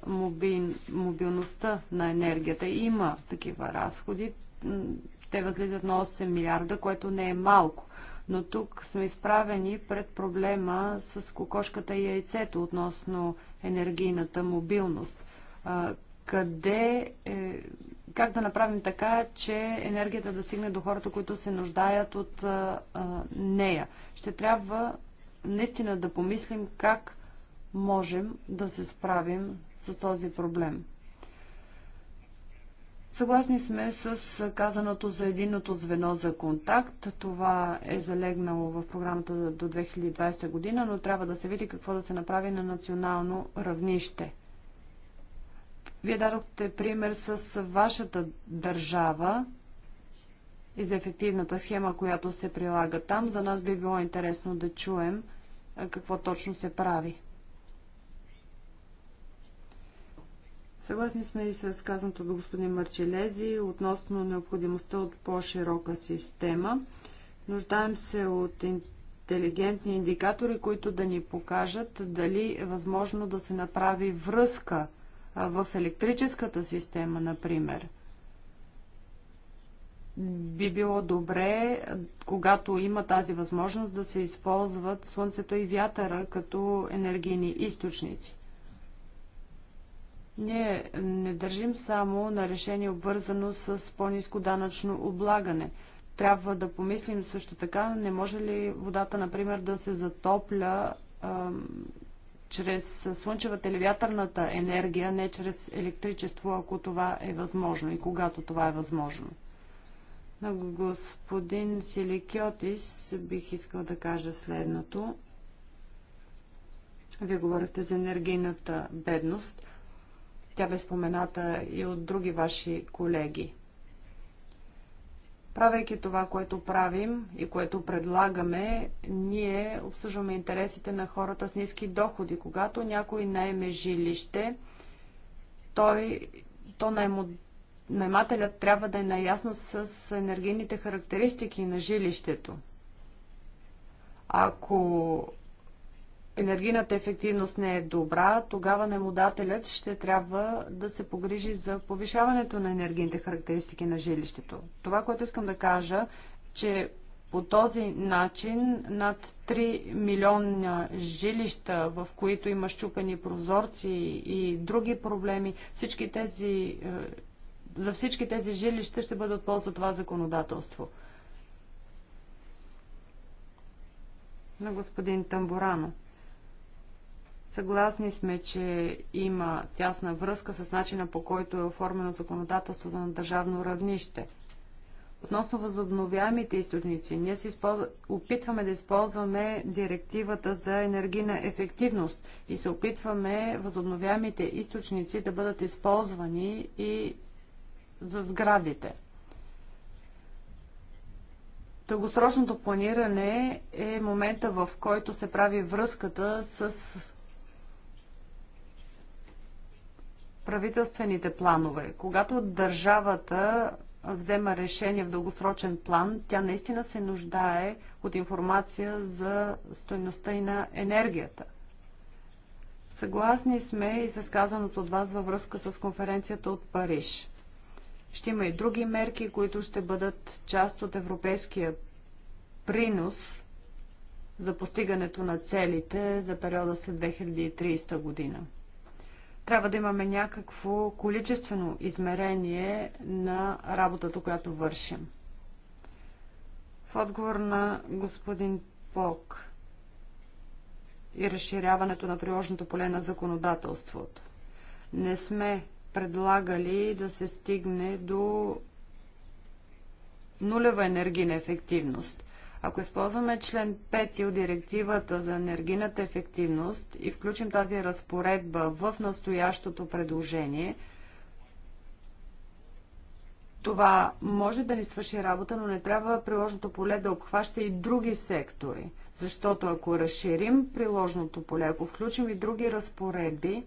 мобилността на енергията, има такива разходи. Те възлизат на 8 милиарда, което не е малко. Но тук сме изправени пред проблема с кокошката и яйцето относно енергийната мобилност. Къде е как да направим така, че енергията да стигне до хората, които се нуждаят от а, нея. Ще трябва наистина да помислим как можем да се справим с този проблем. Съгласни сме с казаното за единното звено за контакт. Това е залегнало в програмата до 2020 година, но трябва да се види какво да се направи на национално равнище. Вие дадохте пример с вашата държава и за ефективната схема, която се прилага там. За нас би било интересно да чуем какво точно се прави. Съгласни сме и с казаното до господин Марчелези относно необходимостта от по-широка система. Нуждаем се от интелигентни индикатори, които да ни покажат дали е възможно да се направи връзка – в електрическата система, например. Би било добре, когато има тази възможност, да се използват слънцето и вятъра като енергийни източници. Ние не държим само на решение обвързано с по-низко данъчно облагане. Трябва да помислим също така, не може ли водата, например, да се затопля чрез слънчевата или вятърната енергия, не чрез електричество, ако това е възможно и когато това е възможно. На господин Силикиотис бих искал да кажа следното. Вие говорихте за енергийната бедност. Тя бе спомената и от други ваши колеги. Правейки това, което правим и което предлагаме, ние обслужваме интересите на хората с ниски доходи. Когато някой найме жилище, той, то наймо, наймателят трябва да е наясно с енергийните характеристики на жилището. Ако енергийната ефективност не е добра, тогава наемодателят ще трябва да се погрижи за повишаването на енергийните характеристики на жилището. Това, което искам да кажа, че по този начин над 3 милиона жилища, в които има щупени прозорци и други проблеми, всички тези, е, за всички тези жилища ще бъде от полза това законодателство. На господин Тамбурано. Съгласни сме, че има тясна връзка с начина по който е оформено законодателството на държавно равнище. Относно възобновяемите източници, ние се използ... опитваме да използваме директивата за енергийна ефективност и се опитваме възобновяемите източници да бъдат използвани и за сградите. Дългосрочното планиране е момента, в който се прави връзката с правителствените планове. Когато държавата взема решение в дългосрочен план, тя наистина се нуждае от информация за стойността и на енергията. Съгласни сме и с казаното от вас във връзка с конференцията от Париж. Ще има и други мерки, които ще бъдат част от европейския принос за постигането на целите за периода след 2030 година. Трябва да имаме някакво количествено измерение на работата, която вършим. В отговор на господин Пок и разширяването на приложното поле на законодателството. Не сме предлагали да се стигне до нулева енергийна ефективност. Ако използваме член 5 от директивата за енергийната ефективност и включим тази разпоредба в настоящото предложение, това може да ни свърши работа, но не трябва приложното поле да обхваща и други сектори. Защото ако разширим приложното поле, ако включим и други разпоредби,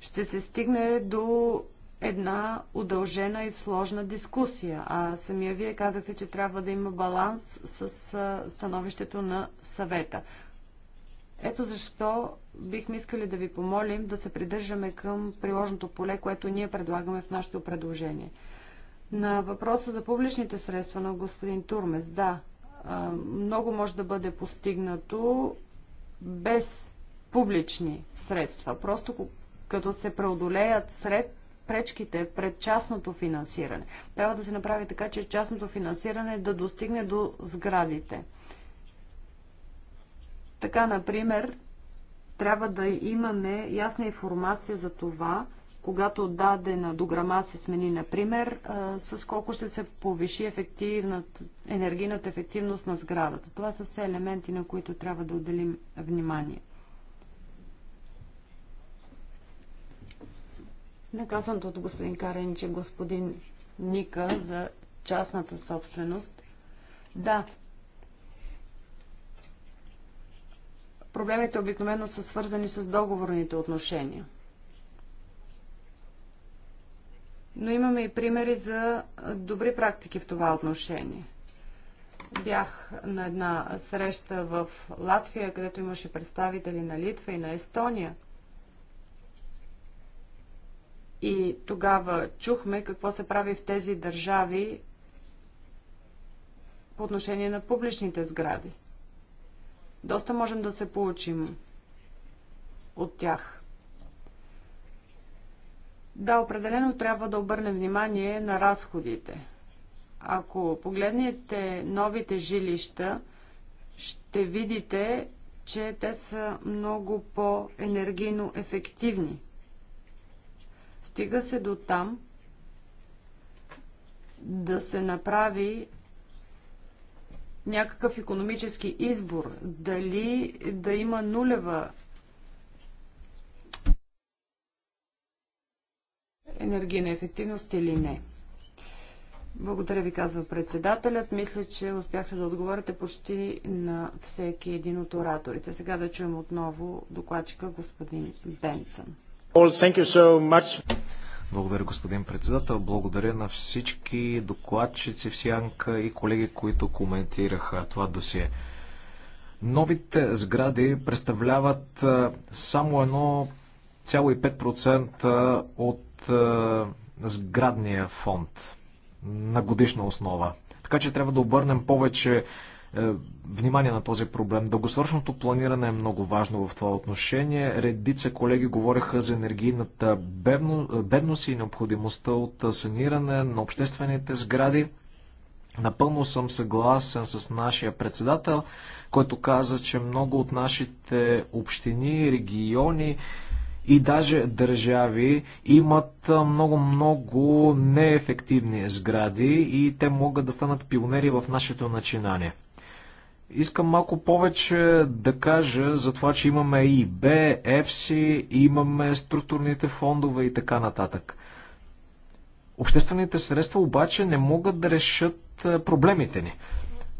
ще се стигне до една удължена и сложна дискусия, а самия вие казахте, че трябва да има баланс с становището на съвета. Ето защо бихме искали да ви помолим да се придържаме към приложното поле, което ние предлагаме в нашето предложение. На въпроса за публичните средства на господин Турмес, да, много може да бъде постигнато без публични средства. Просто като се преодолеят сред пречките пред частното финансиране. Трябва да се направи така, че частното финансиране да достигне до сградите. Така, например, трябва да имаме ясна информация за това, когато дадена дограма се смени, например, с колко ще се повиши енергийната ефективност на сградата. Това са все елементи, на които трябва да отделим внимание. Наказаното от господин Карен, че господин Ника за частната собственост. Да. Проблемите обикновено са свързани с договорните отношения. Но имаме и примери за добри практики в това отношение. Бях на една среща в Латвия, където имаше представители на Литва и на Естония – и тогава чухме какво се прави в тези държави по отношение на публичните сгради. Доста можем да се получим от тях. Да, определено трябва да обърнем внимание на разходите. Ако погледнете новите жилища, ще видите, че те са много по-енергийно ефективни. Стига се до там да се направи някакъв економически избор, дали да има нулева енергийна ефективност или не. Благодаря ви, казва председателят. Мисля, че успяхте да отговорите почти на всеки един от ораторите. Сега да чуем отново докладчика господин Бенцън. Благодаря, господин председател. Благодаря на всички докладчици в Сянка и колеги, които коментираха това досие. Новите сгради представляват само 1,5% от сградния фонд на годишна основа. Така че трябва да обърнем повече е, внимание на този проблем. Дългосрочното планиране е много важно в това отношение. Редица колеги говореха за енергийната е, бедност и необходимостта от е, саниране на обществените сгради. Напълно съм съгласен с нашия председател, който каза, че много от нашите общини, региони и даже държави имат много-много неефективни сгради и те могат да станат пионери в нашето начинание. Искам малко повече да кажа за това, че имаме и Б, ЕФСИ, имаме структурните фондове и така нататък. Обществените средства обаче не могат да решат е, проблемите ни.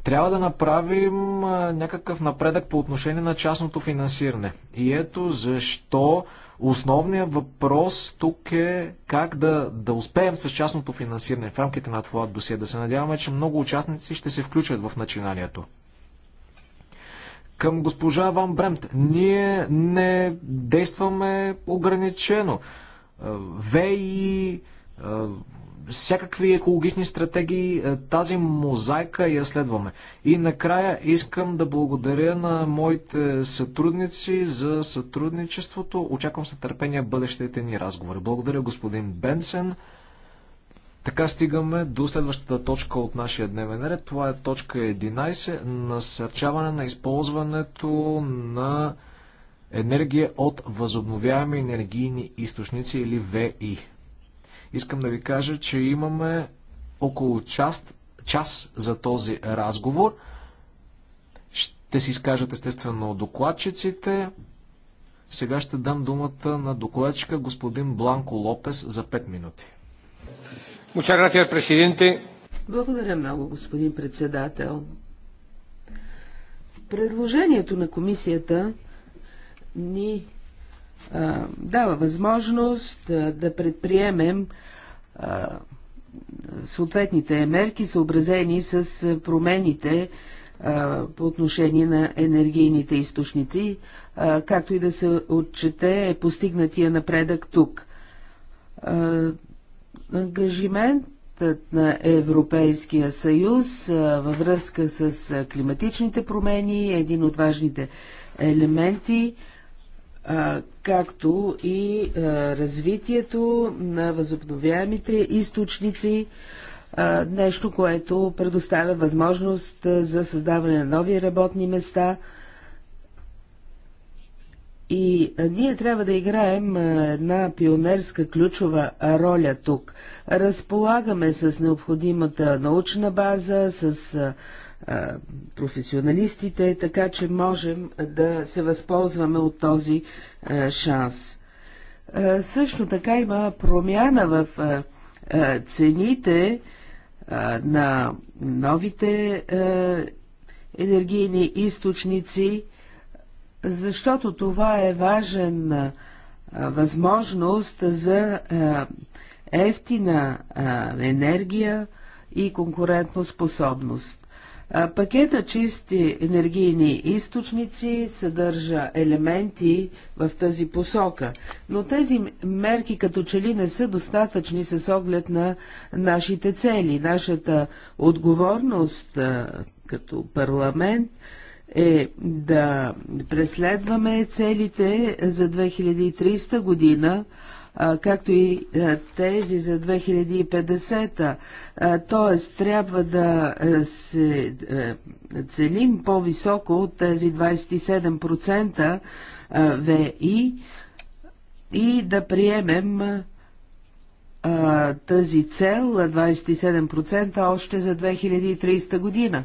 Трябва да направим е, някакъв напредък по отношение на частното финансиране. И ето защо основният въпрос тук е как да, да успеем с частното финансиране в рамките на това досие. Да се надяваме, че много участници ще се включат в начинанието. Към госпожа Ван Бремт, ние не действаме ограничено. Е, ВЕИ, е, всякакви екологични стратегии, е, тази мозайка я следваме. И накрая искам да благодаря на моите сътрудници за сътрудничеството. Очаквам с търпение бъдещите ни разговори. Благодаря господин Бенсен. Така стигаме до следващата точка от нашия дневен ред. Това е точка 11. Насърчаване на използването на енергия от възобновяеми енергийни източници или ВИ. Искам да ви кажа, че имаме около част, час за този разговор. Ще си изкажат естествено докладчиците. Сега ще дам думата на докладчика господин Бланко Лопес за 5 минути. Благодаря много, господин председател. Предложението на комисията ни а, дава възможност а, да предприемем а, съответните мерки, съобразени с промените а, по отношение на енергийните източници, а, както и да се отчете постигнатия напредък тук. Ангажиментът на Европейския съюз във връзка с климатичните промени е един от важните елементи, както и развитието на възобновяемите източници, нещо, което предоставя възможност за създаване на нови работни места – и ние трябва да играем една пионерска ключова роля тук. Разполагаме с необходимата научна база, с професионалистите, така че можем да се възползваме от този шанс. Също така има промяна в цените на новите енергийни източници защото това е важен възможност за ефтина енергия и конкурентоспособност. Пакета чисти енергийни източници съдържа елементи в тази посока, но тези мерки като че ли не са достатъчни с оглед на нашите цели. Нашата отговорност като парламент е да преследваме целите за 2300 година, както и тези за 2050. Т.е. трябва да се целим по-високо от тези 27% ВИ и да приемем тази цел 27% още за 2300 година.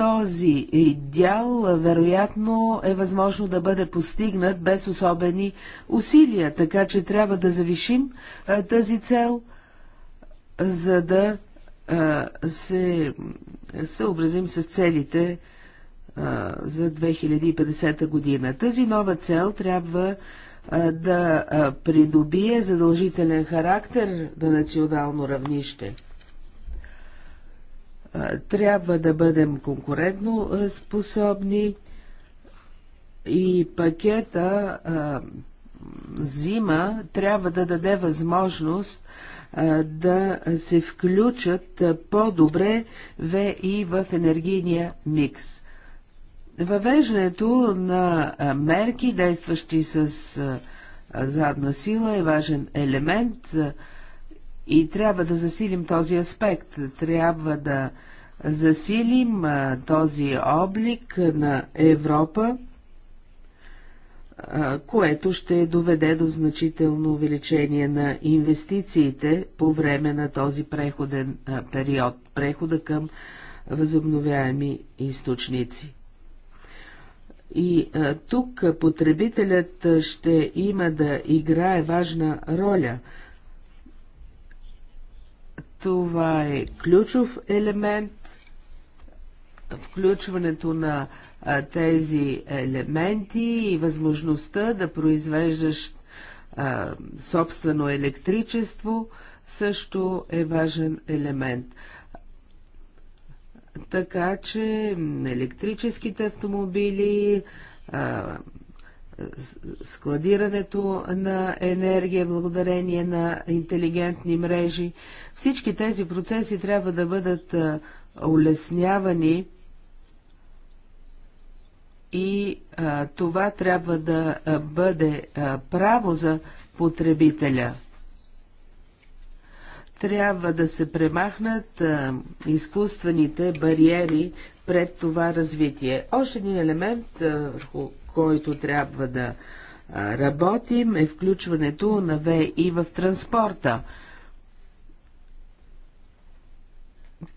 Този идеал вероятно е възможно да бъде постигнат без особени усилия, така че трябва да завишим а, тази цел, за да а, се съобразим с целите а, за 2050 година. Тази нова цел трябва да придобие задължителен характер на национално равнище. Трябва да бъдем конкурентно способни и пакета зима трябва да даде възможност да се включат по-добре и в енергийния микс. Въвеждането на мерки, действащи с задна сила, е важен елемент. И трябва да засилим този аспект. Трябва да засилим а, този облик на Европа, а, което ще доведе до значително увеличение на инвестициите по време на този преходен а, период, прехода към възобновяеми източници. И тук потребителят ще има да играе важна роля – това е ключов елемент. Включването на а, тези елементи и възможността да произвеждаш а, собствено електричество също е важен елемент. Така че електрическите автомобили, а, складирането на енергия благодарение на интелигентни мрежи. Всички тези процеси трябва да бъдат улеснявани и а, това трябва да бъде а, право за потребителя. Трябва да се премахнат а, изкуствените бариери пред това развитие. Още един елемент, върху който трябва да работим, е включването на ВИ в транспорта.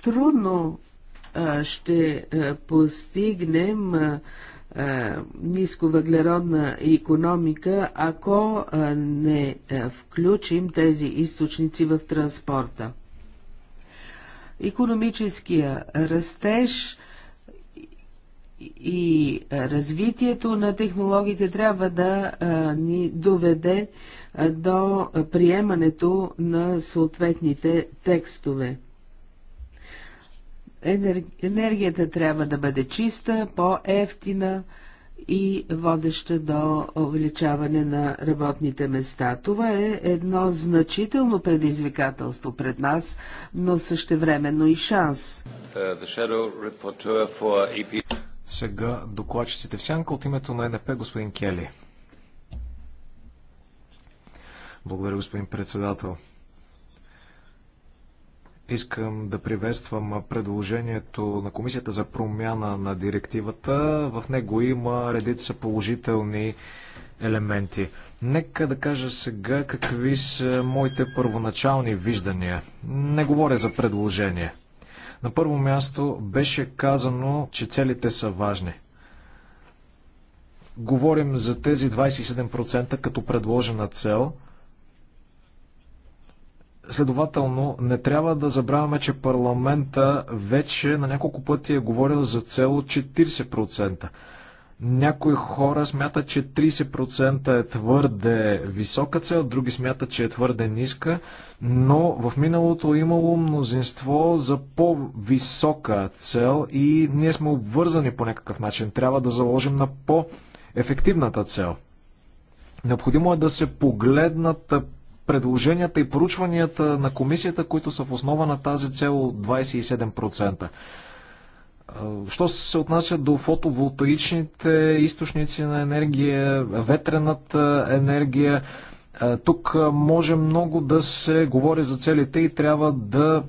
Трудно ще постигнем нисковъглеродна економика, ако не включим тези източници в транспорта. Економическия растеж и развитието на технологиите трябва да ни доведе до приемането на съответните текстове. Енергията трябва да бъде чиста, по-ефтина и водеща до увеличаване на работните места. Това е едно значително предизвикателство пред нас, но същевременно и шанс. Uh, сега докладчиците в сянка от името на НП господин Кели. Благодаря, господин председател. Искам да приветствам предложението на Комисията за промяна на директивата. В него има редица положителни елементи. Нека да кажа сега какви са моите първоначални виждания. Не говоря за предложение. На първо място беше казано, че целите са важни. Говорим за тези 27% като предложена цел. Следователно, не трябва да забравяме, че парламента вече на няколко пъти е говорил за цел 40%. Някои хора смятат, че 30% е твърде висока цел, други смятат, че е твърде ниска, но в миналото е имало мнозинство за по-висока цел и ние сме обвързани по някакъв начин. Трябва да заложим на по-ефективната цел. Необходимо е да се погледнат предложенията и поручванията на комисията, които са в основа на тази цел 27%. Що се отнася до фотоволтаичните източници на енергия, ветрената енергия, тук може много да се говори за целите и трябва да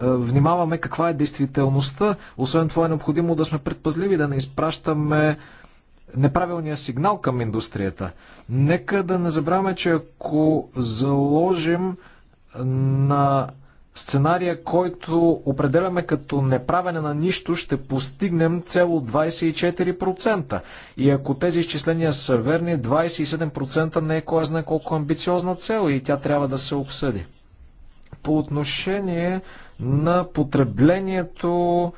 внимаваме каква е действителността. Освен това е необходимо да сме предпазливи, да не изпращаме неправилния сигнал към индустрията. Нека да не забравяме, че ако заложим на сценария, който определяме като неправене на нищо, ще постигнем цел 24%. И ако тези изчисления са верни, 27% не е кой знае колко амбициозна цел и тя трябва да се обсъди. По отношение на потреблението,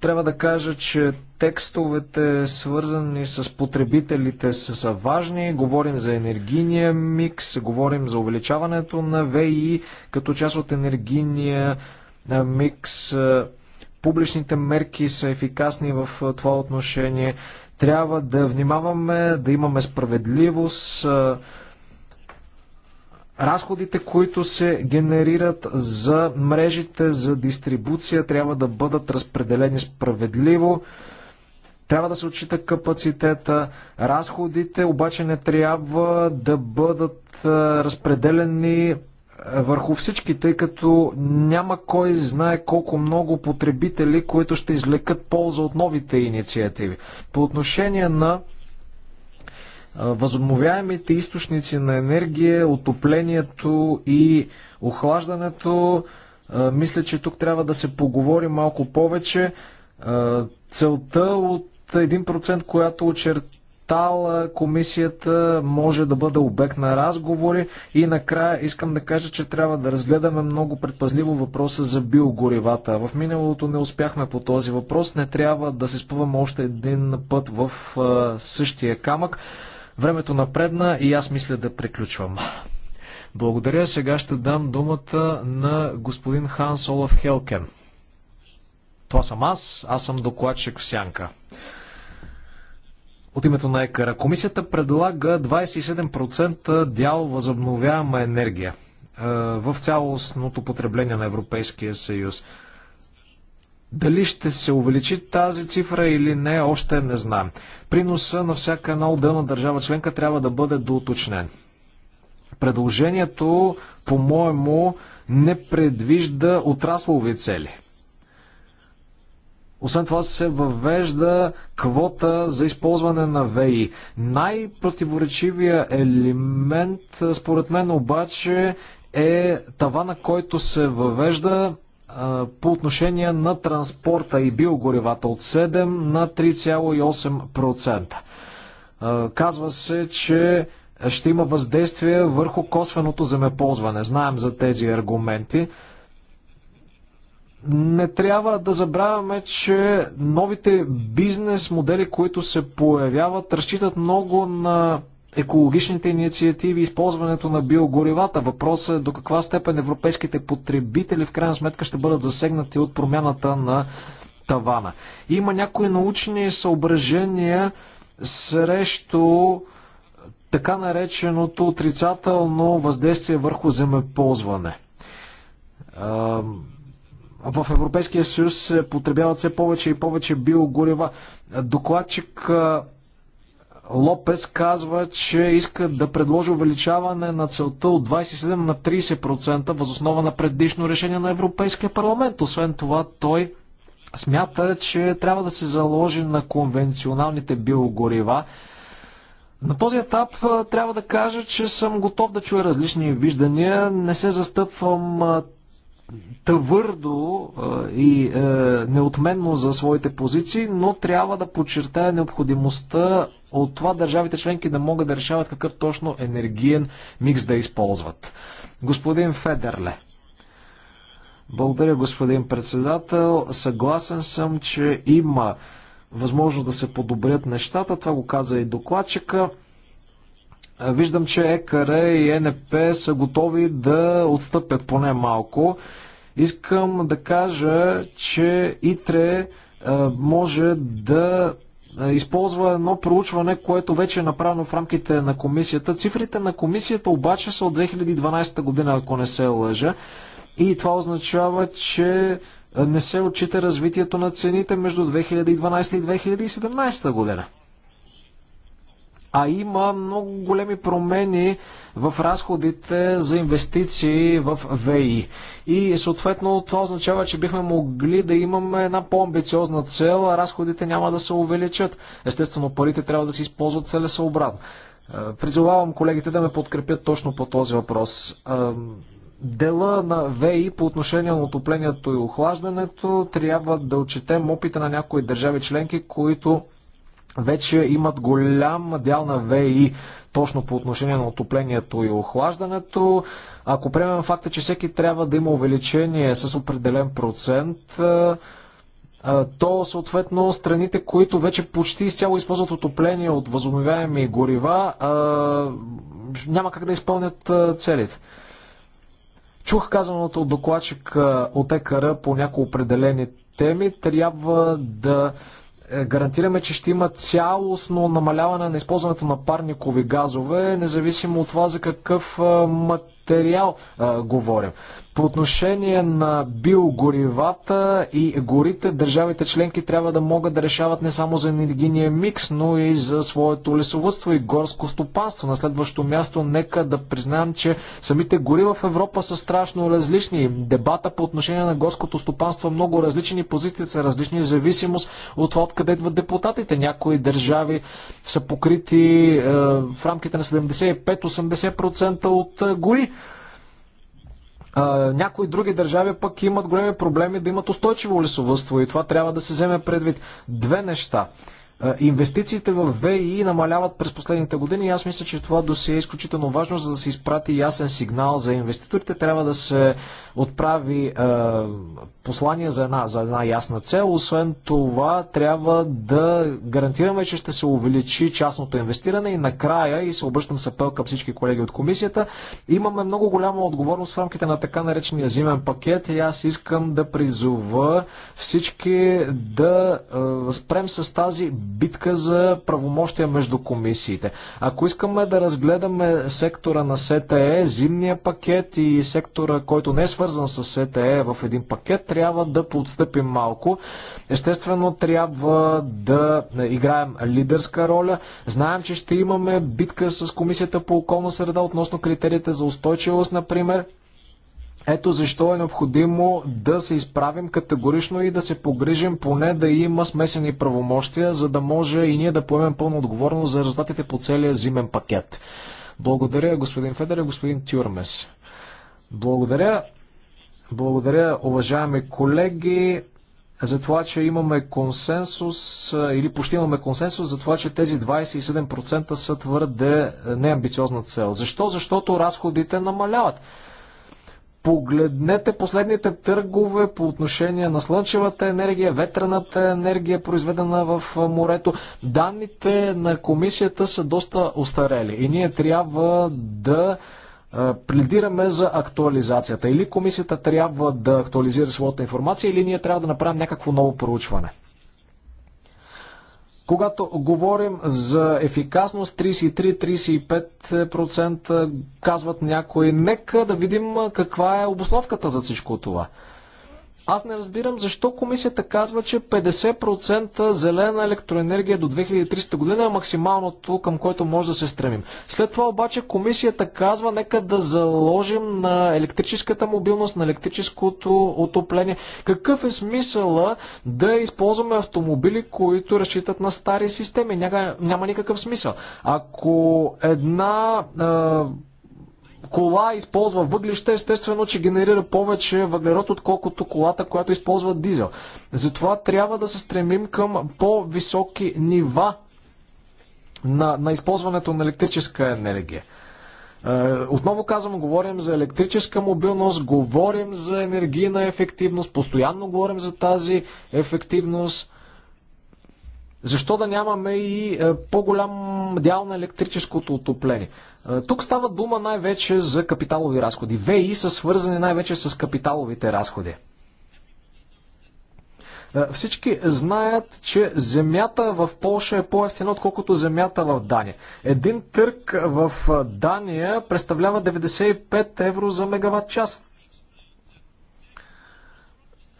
трябва да кажа, че текстовете, свързани с потребителите, са, са важни. Говорим за енергийния микс, говорим за увеличаването на ВИ като част от енергийния микс. Публичните мерки са ефикасни в това отношение. Трябва да внимаваме, да имаме справедливост. Разходите, които се генерират за мрежите за дистрибуция, трябва да бъдат разпределени справедливо. Трябва да се отчита капацитета, разходите обаче не трябва да бъдат разпределени върху всички, тъй като няма кой знае колко много потребители, които ще извлекат полза от новите инициативи. По отношение на възобновяемите източници на енергия, отоплението и охлаждането, мисля, че тук трябва да се поговори малко повече. Целта от 1%, която очертала комисията, може да бъде обект на разговори. И накрая искам да кажа, че трябва да разгледаме много предпазливо въпроса за биогоривата. В миналото не успяхме по този въпрос. Не трябва да се спъваме още един път в същия камък. Времето напредна и аз мисля да приключвам. Благодаря. Сега ще дам думата на господин Ханс Олаф Хелкен. Това съм аз, аз съм докладчик в Сянка от името на ЕКАРА. Комисията предлага 27% дял възобновяема енергия е, в цялостното потребление на Европейския съюз. Дали ще се увеличи тази цифра или не, още не знам. Приноса на всяка една отделна държава членка трябва да бъде доуточнен. Предложението, по-моему, не предвижда отраслови цели. Освен това се въвежда квота за използване на ВИ. Най-противоречивия елемент, според мен обаче, е това, на който се въвежда по отношение на транспорта и биогоревата от 7 на 3,8%. Казва се, че ще има въздействие върху косвеното земеползване. Знаем за тези аргументи не трябва да забравяме, че новите бизнес модели, които се появяват, разчитат много на екологичните инициативи, използването на биогоривата. Въпросът е до каква степен европейските потребители в крайна сметка ще бъдат засегнати от промяната на тавана. Има някои научни съображения срещу така нареченото отрицателно въздействие върху земеползване в Европейския съюз се потребяват все повече и повече биогорива. Докладчик Лопес казва, че иска да предложи увеличаване на целта от 27 на 30% възоснова на предишно решение на Европейския парламент. Освен това, той смята, че трябва да се заложи на конвенционалните биогорива. На този етап трябва да кажа, че съм готов да чуя различни виждания. Не се застъпвам твърдо и неотменно за своите позиции, но трябва да подчертая необходимостта от това държавите членки да могат да решават какъв точно енергиен микс да използват. Господин Федерле. Благодаря, господин председател. Съгласен съм, че има възможност да се подобрят нещата. Това го каза и докладчика. Виждам, че ЕКР и е НП са готови да отстъпят поне малко. Искам да кажа, че ИТРЕ е, може да е, използва едно проучване, което вече е направено в рамките на комисията. Цифрите на комисията обаче са от 2012 година, ако не се лъжа. И това означава, че е, не се отчита развитието на цените между 2012 и 2017 година. А има много големи промени в разходите за инвестиции в ВИ. И съответно това означава, че бихме могли да имаме една по-амбициозна цел, а разходите няма да се увеличат. Естествено, парите трябва да се използват целесообразно. Е, призовавам колегите да ме подкрепят точно по този въпрос. Е, дела на ВИ по отношение на отоплението и охлаждането трябва да отчетем опита на някои държави членки, които вече имат голям дял на ВИ точно по отношение на отоплението и охлаждането. Ако приемем факта, че всеки трябва да има увеличение с определен процент, то съответно страните, които вече почти изцяло използват отопление от възобновяеми горива, няма как да изпълнят целите. Чух казаното от докладчик от ЕКР по някои определени теми. Трябва да е, гарантираме, че ще има цялостно намаляване на използването на парникови газове, независимо от това за какъв е, материал е, говорим. По отношение на биогоривата и горите, държавите членки трябва да могат да решават не само за енергийния микс, но и за своето лесовътство и горско стопанство. На следващо място, нека да признаем, че самите гори в Европа са страшно различни. Дебата по отношение на горското стопанство е много различен и позициите са различни в зависимост от това откъде идват депутатите. Някои държави са покрити е, в рамките на 75-80% от е, гори някои други държави пък имат големи проблеми да имат устойчиво лесовътство и това трябва да се вземе предвид. Две неща. Инвестициите в ВИ намаляват през последните години и аз мисля, че това досие е изключително важно, за да се изпрати ясен сигнал за инвеститорите. Трябва да се отправи е, послание за една, за една ясна цел. Освен това, трябва да гарантираме, че ще се увеличи частното инвестиране и накрая, и се обръщам с апел към всички колеги от комисията, имаме много голяма отговорност в рамките на така наречения зимен пакет и аз искам да призова всички да е, спрем с тази битка за правомощия между комисиите. Ако искаме да разгледаме сектора на СТЕ, зимния пакет и сектора, който не е свързан с СТЕ е в един пакет, трябва да подстъпим малко. Естествено, трябва да играем лидерска роля. Знаем, че ще имаме битка с комисията по околна среда относно критериите за устойчивост, например. Ето защо е необходимо да се изправим категорично и да се погрижим поне да има смесени правомощия, за да може и ние да поемем пълно отговорност за резултатите по целия зимен пакет. Благодаря, господин Федер и господин Тюрмес. Благодаря. Благодаря, уважаеми колеги, за това, че имаме консенсус или почти имаме консенсус за това, че тези 27% са твърде неамбициозна цел. Защо? Защото разходите намаляват. Погледнете последните търгове по отношение на слънчевата енергия, ветрената енергия, произведена в морето. Данните на комисията са доста остарели и ние трябва да пледираме за актуализацията. Или комисията трябва да актуализира своята информация, или ние трябва да направим някакво ново проучване. Когато говорим за ефикасност 33-35% казват някои, нека да видим каква е обосновката за всичко това. Аз не разбирам защо комисията казва, че 50% зелена електроенергия до 2300 година е максималното, към което може да се стремим. След това обаче комисията казва, нека да заложим на електрическата мобилност, на електрическото отопление. Какъв е смисъла да използваме автомобили, които разчитат на стари системи? Няма, няма никакъв смисъл. Ако една. Е, кола използва въглища, естествено, че генерира повече въглерод, отколкото колата, която използва дизел. Затова трябва да се стремим към по-високи нива на, на използването на електрическа енергия. Е, отново казвам, говорим за електрическа мобилност, говорим за енергийна ефективност, постоянно говорим за тази ефективност. Защо да нямаме и е, по-голям дял на електрическото отопление? Тук става дума най-вече за капиталови разходи. ВИ са свързани най-вече с капиталовите разходи. Всички знаят, че земята в Польша е по-ефтина, отколкото земята в Дания. Един търк в Дания представлява 95 евро за мегаватт час.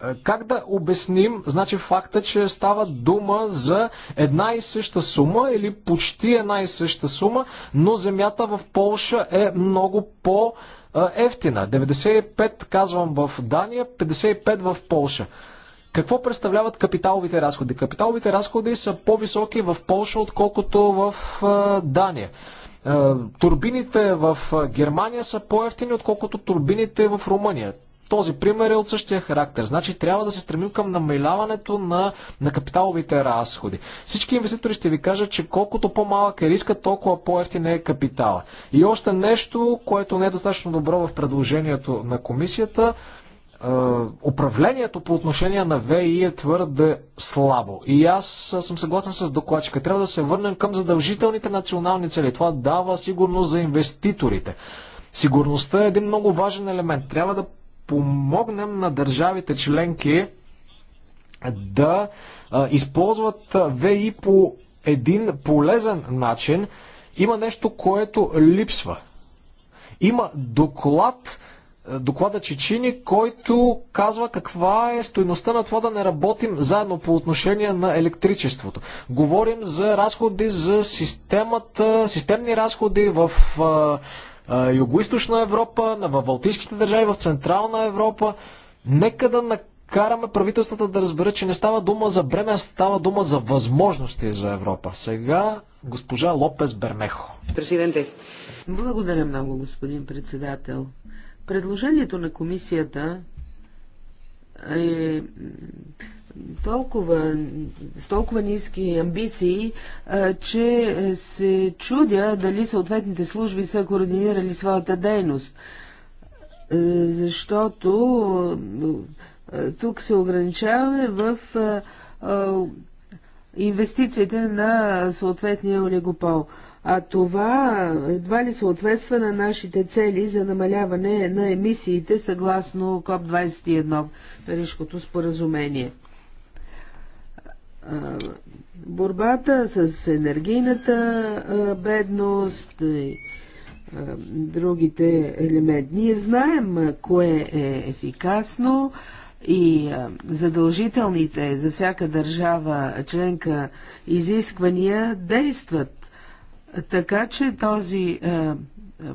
Е, как да обясним, значи факта, че става дума за една и съща сума или почти една и съща сума, но земята в Полша е много по- ефтина. 95 казвам в Дания, 55 в Полша. Какво представляват капиталовите разходи? Капиталовите разходи са по-високи в Полша, отколкото в е, Дания. Е, турбините в Германия са по-ефтини, отколкото турбините в Румъния. Този пример е от същия характер. Значи трябва да се стремим към намаляването на, на капиталовите разходи. Всички инвеститори ще ви кажат, че колкото по-малък е риска, толкова по-ефтин е капитала. И още нещо, което не е достатъчно добро в предложението на комисията, управлението по отношение на ВИ е твърде слабо. И аз съм съгласен с докладчика. Трябва да се върнем към задължителните национални цели. Това дава сигурност за инвеститорите. Сигурността е един много важен елемент. Трябва да помогнем на държавите членки да използват ВИ по един полезен начин. Има нещо, което липсва. Има доклад, доклада Чечини, който казва каква е стоеността на това да не работим заедно по отношение на електричеството. Говорим за разходи за системата, системни разходи в Юго-Источна Европа, в Балтийските държави, в Централна Европа. Нека да накараме правителствата да разберат, че не става дума за бреме, става дума за възможности за Европа. Сега госпожа Лопес Бермехо. Президенте. Благодаря много, господин председател. Предложението на комисията е толкова, с толкова ниски амбиции, че се чудя дали съответните служби са координирали своята дейност. Защото тук се ограничаваме в инвестициите на съответния олигопол. А това едва ли съответства на нашите цели за намаляване на емисиите съгласно КОП-21, Парижкото споразумение борбата с енергийната бедност и другите елементи. Ние знаем кое е ефикасно и задължителните за всяка държава членка изисквания действат. Така че този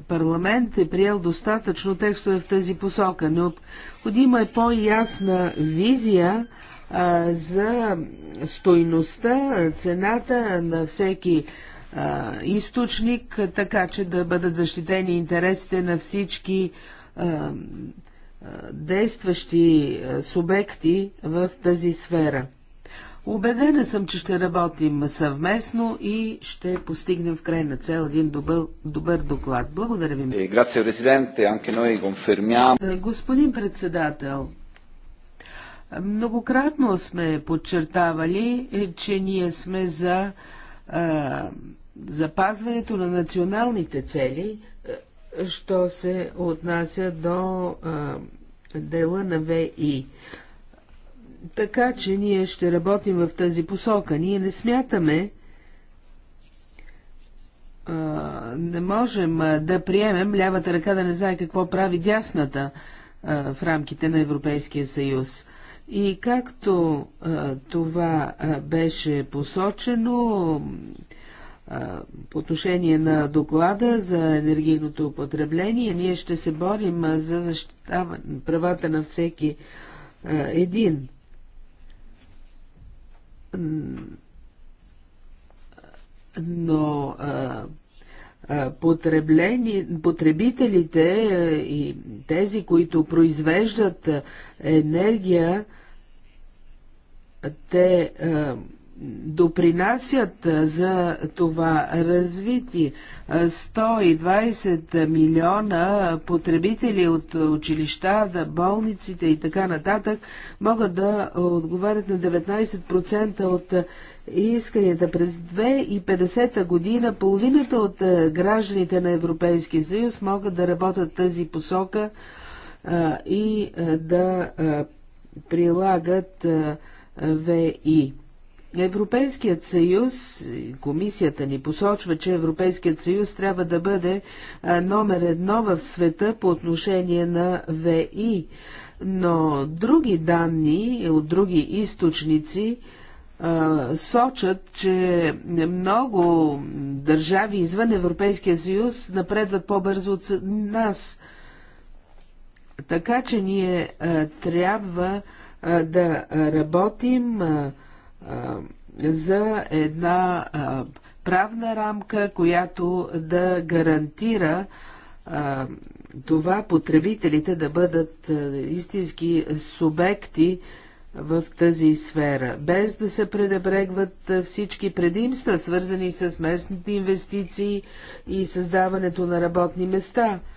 парламент е приел достатъчно текстове в тази посока. Необходима е по-ясна визия за стойността, цената на всеки източник, така че да бъдат защитени интересите на всички действащи субекти в тази сфера. Обедена съм, че ще работим съвместно и ще постигнем в крайна цел един добър, добър доклад. Благодаря ви. Е, е, господин председател, Многократно сме подчертавали, е, че ние сме за а, запазването на националните цели, е, що се отнася до а, дела на ВИ. Така че ние ще работим в тази посока. Ние не смятаме, а, не можем да приемем лявата ръка да не знае какво прави дясната а, в рамките на Европейския съюз. И както а, това а, беше посочено а, по отношение на доклада за енергийното употребление, ние ще се борим за защитаване правата на всеки а, един. Но а, потребителите и тези, които произвеждат енергия, те е, допринасят е, за това развитие. 120 е, милиона потребители от училища, болниците и така нататък могат да отговарят на 19% от исканията. През 2050 година половината от гражданите на Европейския съюз могат да работят тази посока и да прилагат ВИ. Е, Европейският съюз, комисията ни посочва, че Европейският съюз трябва да бъде номер едно в света по отношение на ВИ, но други данни от други източници сочат, че много държави извън Европейския съюз напредват по-бързо от нас. Така че ние трябва да работим за една правна рамка, която да гарантира това потребителите да бъдат истински субекти в тази сфера, без да се предебрегват всички предимства, свързани с местните инвестиции и създаването на работни места –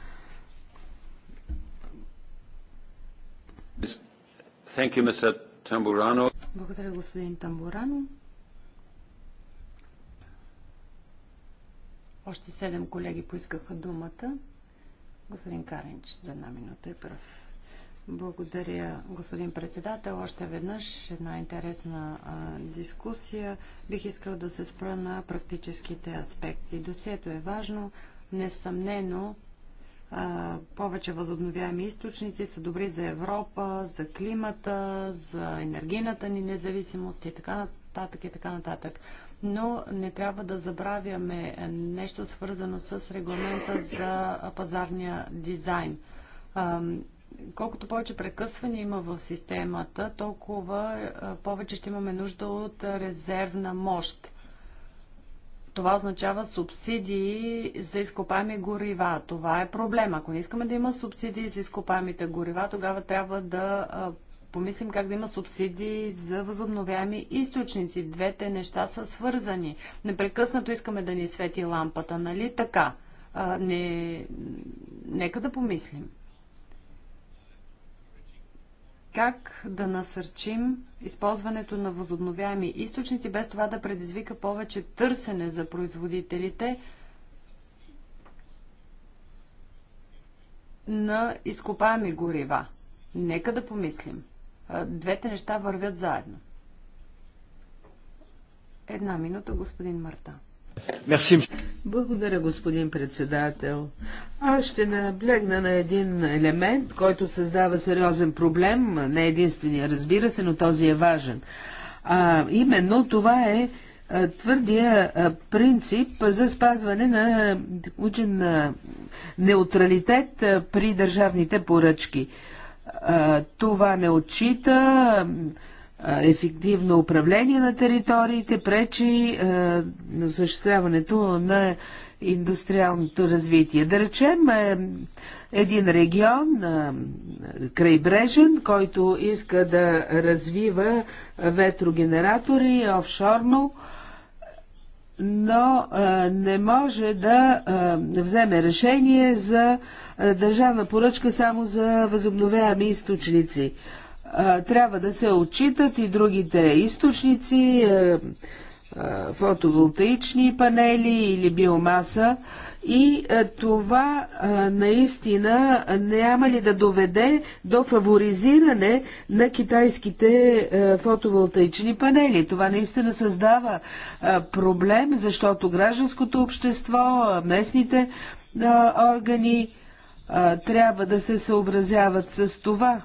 You, Благодаря, господин Тамбурано. Още седем колеги поискаха думата. Господин Каренч за една минута е прав. Благодаря, господин председател. Още веднъж една интересна а, дискусия. Бих искал да се спра на практическите аспекти. Досието е важно. Несъмнено, повече възобновяеми източници са добри за Европа, за климата, за енергийната ни независимост и така нататък и така нататък. Но не трябва да забравяме нещо свързано с регламента за пазарния дизайн. Колкото повече прекъсване има в системата, толкова повече ще имаме нужда от резервна мощ това означава субсидии за изкопаеми горива. Това е проблема. Ако не искаме да има субсидии за изкопаемите горива, тогава трябва да помислим как да има субсидии за възобновяеми източници. Двете неща са свързани. Непрекъснато искаме да ни свети лампата, нали така? А, не... Нека да помислим как да насърчим използването на възобновяеми източници, без това да предизвика повече търсене за производителите на изкопаеми горива. Нека да помислим. Двете неща вървят заедно. Една минута, господин Марта. Благодаря, господин председател. Аз ще наблегна на един елемент, който създава сериозен проблем, не единствения, разбира се, но този е важен. А, именно това е твърдия принцип за спазване на учен неутралитет при държавните поръчки. Това не отчита ефективно управление на териториите, пречи на осъществяването на индустриалното развитие. Да речем е, един регион крайбрежен, който иска да развива ветрогенератори офшорно, но не може да вземе решение за държавна поръчка само за възобновяеми източници трябва да се отчитат и другите източници, е, е, фотоволтаични панели или биомаса. И е, това наистина няма ли да доведе до фаворизиране на китайските фотоволтаични панели? Това наистина създава проблем, защото гражданското общество, местните органи трябва да се съобразяват с това.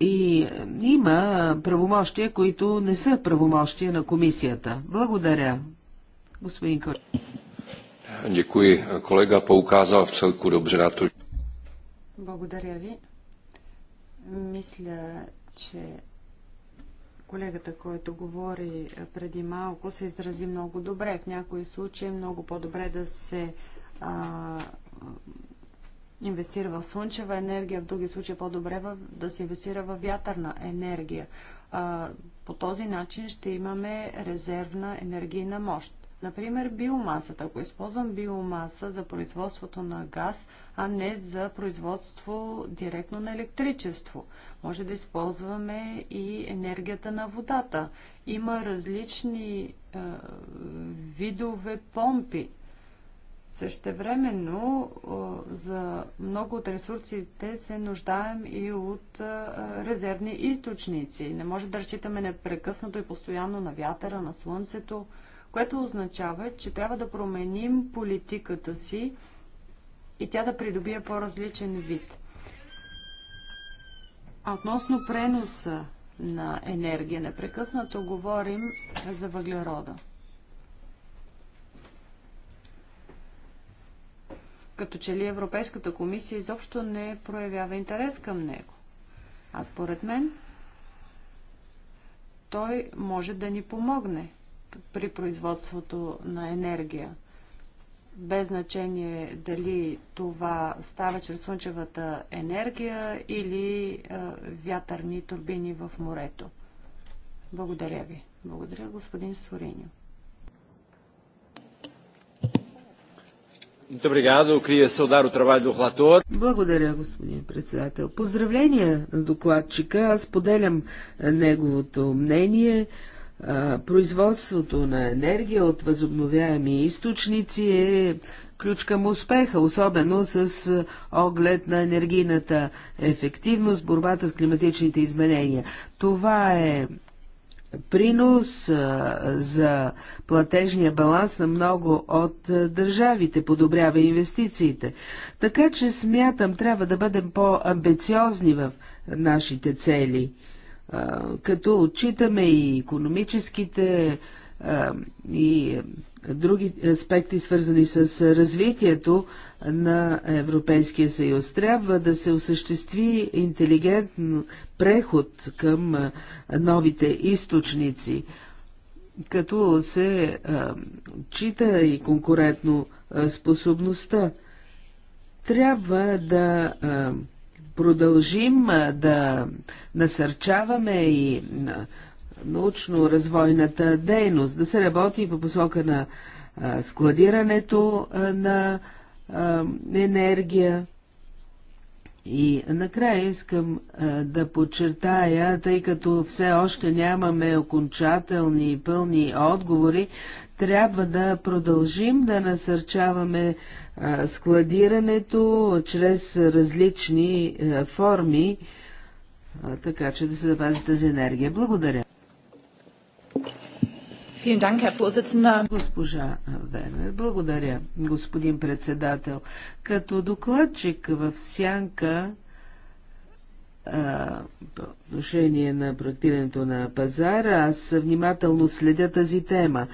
И има правомощия, които не са правомощия на комисията. Благодаря. Господин Кор. Дякую. Колега поуказал в целку dobře Благодаря ви. Мисля, че колегата, който говори преди малко, се изрази много добре. В някои случаи е много по-добре да се а, инвестира в слънчева енергия, в други случаи е по-добре да се инвестира в вятърна енергия. А, по този начин ще имаме резервна енергийна мощ. Например, биомасата. Ако използвам биомаса за производството на газ, а не за производство директно на електричество, може да използваме и енергията на водата. Има различни е, видове помпи Същевременно за много от ресурсите се нуждаем и от резервни източници. Не може да разчитаме непрекъснато и постоянно на вятъра, на слънцето, което означава, че трябва да променим политиката си и тя да придобие по-различен вид. А относно преноса на енергия, непрекъснато говорим за въглерода. като че ли Европейската комисия изобщо не проявява интерес към него. А според мен, той може да ни помогне при производството на енергия. Без значение дали това става чрез слънчевата енергия или е, вятърни турбини в морето. Благодаря ви. Благодаря, господин Сориньо. Благодаря, господин председател. Поздравления на докладчика. Аз поделям неговото мнение. Производството на енергия от възобновяеми източници е ключ към успеха, особено с оглед на енергийната ефективност, борбата с климатичните изменения. Това е принос за платежния баланс на много от държавите, подобрява инвестициите. Така че смятам, трябва да бъдем по-амбициозни в нашите цели, като отчитаме и економическите и други аспекти, свързани с развитието на Европейския съюз. Трябва да се осъществи интелигентен преход към новите източници, като се чита и конкурентно способността. Трябва да продължим да насърчаваме и научно-развойната дейност, да се работи по посока на складирането на енергия. И накрая искам да подчертая, тъй като все още нямаме окончателни и пълни отговори, трябва да продължим да насърчаваме складирането чрез различни форми, така че да се запази тази енергия. Благодаря. Госпожа Вернер, благодаря, господин председател. Като докладчик в сянка по отношение на проектирането на пазара, аз внимателно следя тази тема.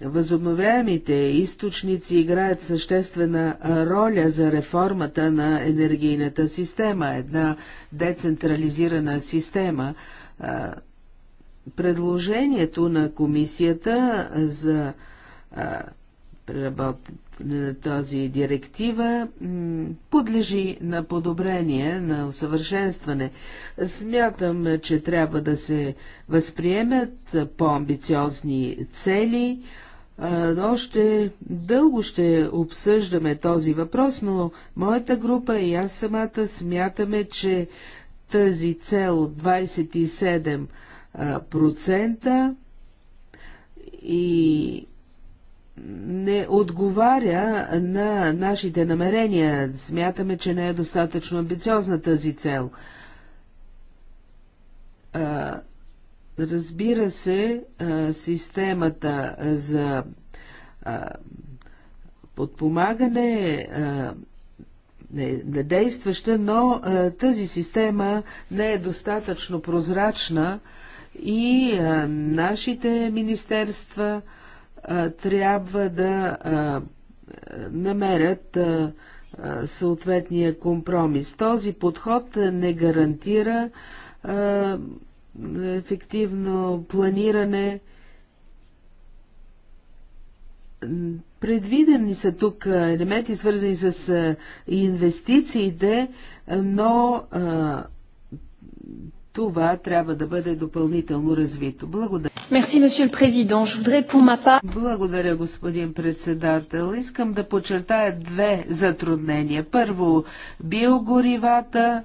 Възобновяемите източници играят съществена роля за реформата на енергийната система, една децентрализирана система. А, предложението на комисията за преработване на тази директива подлежи на подобрение, на усъвършенстване. Смятам, че трябва да се възприемат по-амбициозни цели. Още дълго ще обсъждаме този въпрос, но моята група и аз самата смятаме, че тази цел 27 процента и не отговаря на нашите намерения. Смятаме, че не е достатъчно амбициозна тази цел. Разбира се, системата за подпомагане е действаща, но тази система не е достатъчно прозрачна, и а, нашите министерства а, трябва да а, намерят а, а, съответния компромис. Този подход не гарантира а, ефективно планиране. Предвидени са тук елементи, свързани с инвестициите, но а, това трябва да бъде допълнително развито. Благодаря. Благодаря, господин председател. Искам да подчертая две затруднения. Първо, биогоривата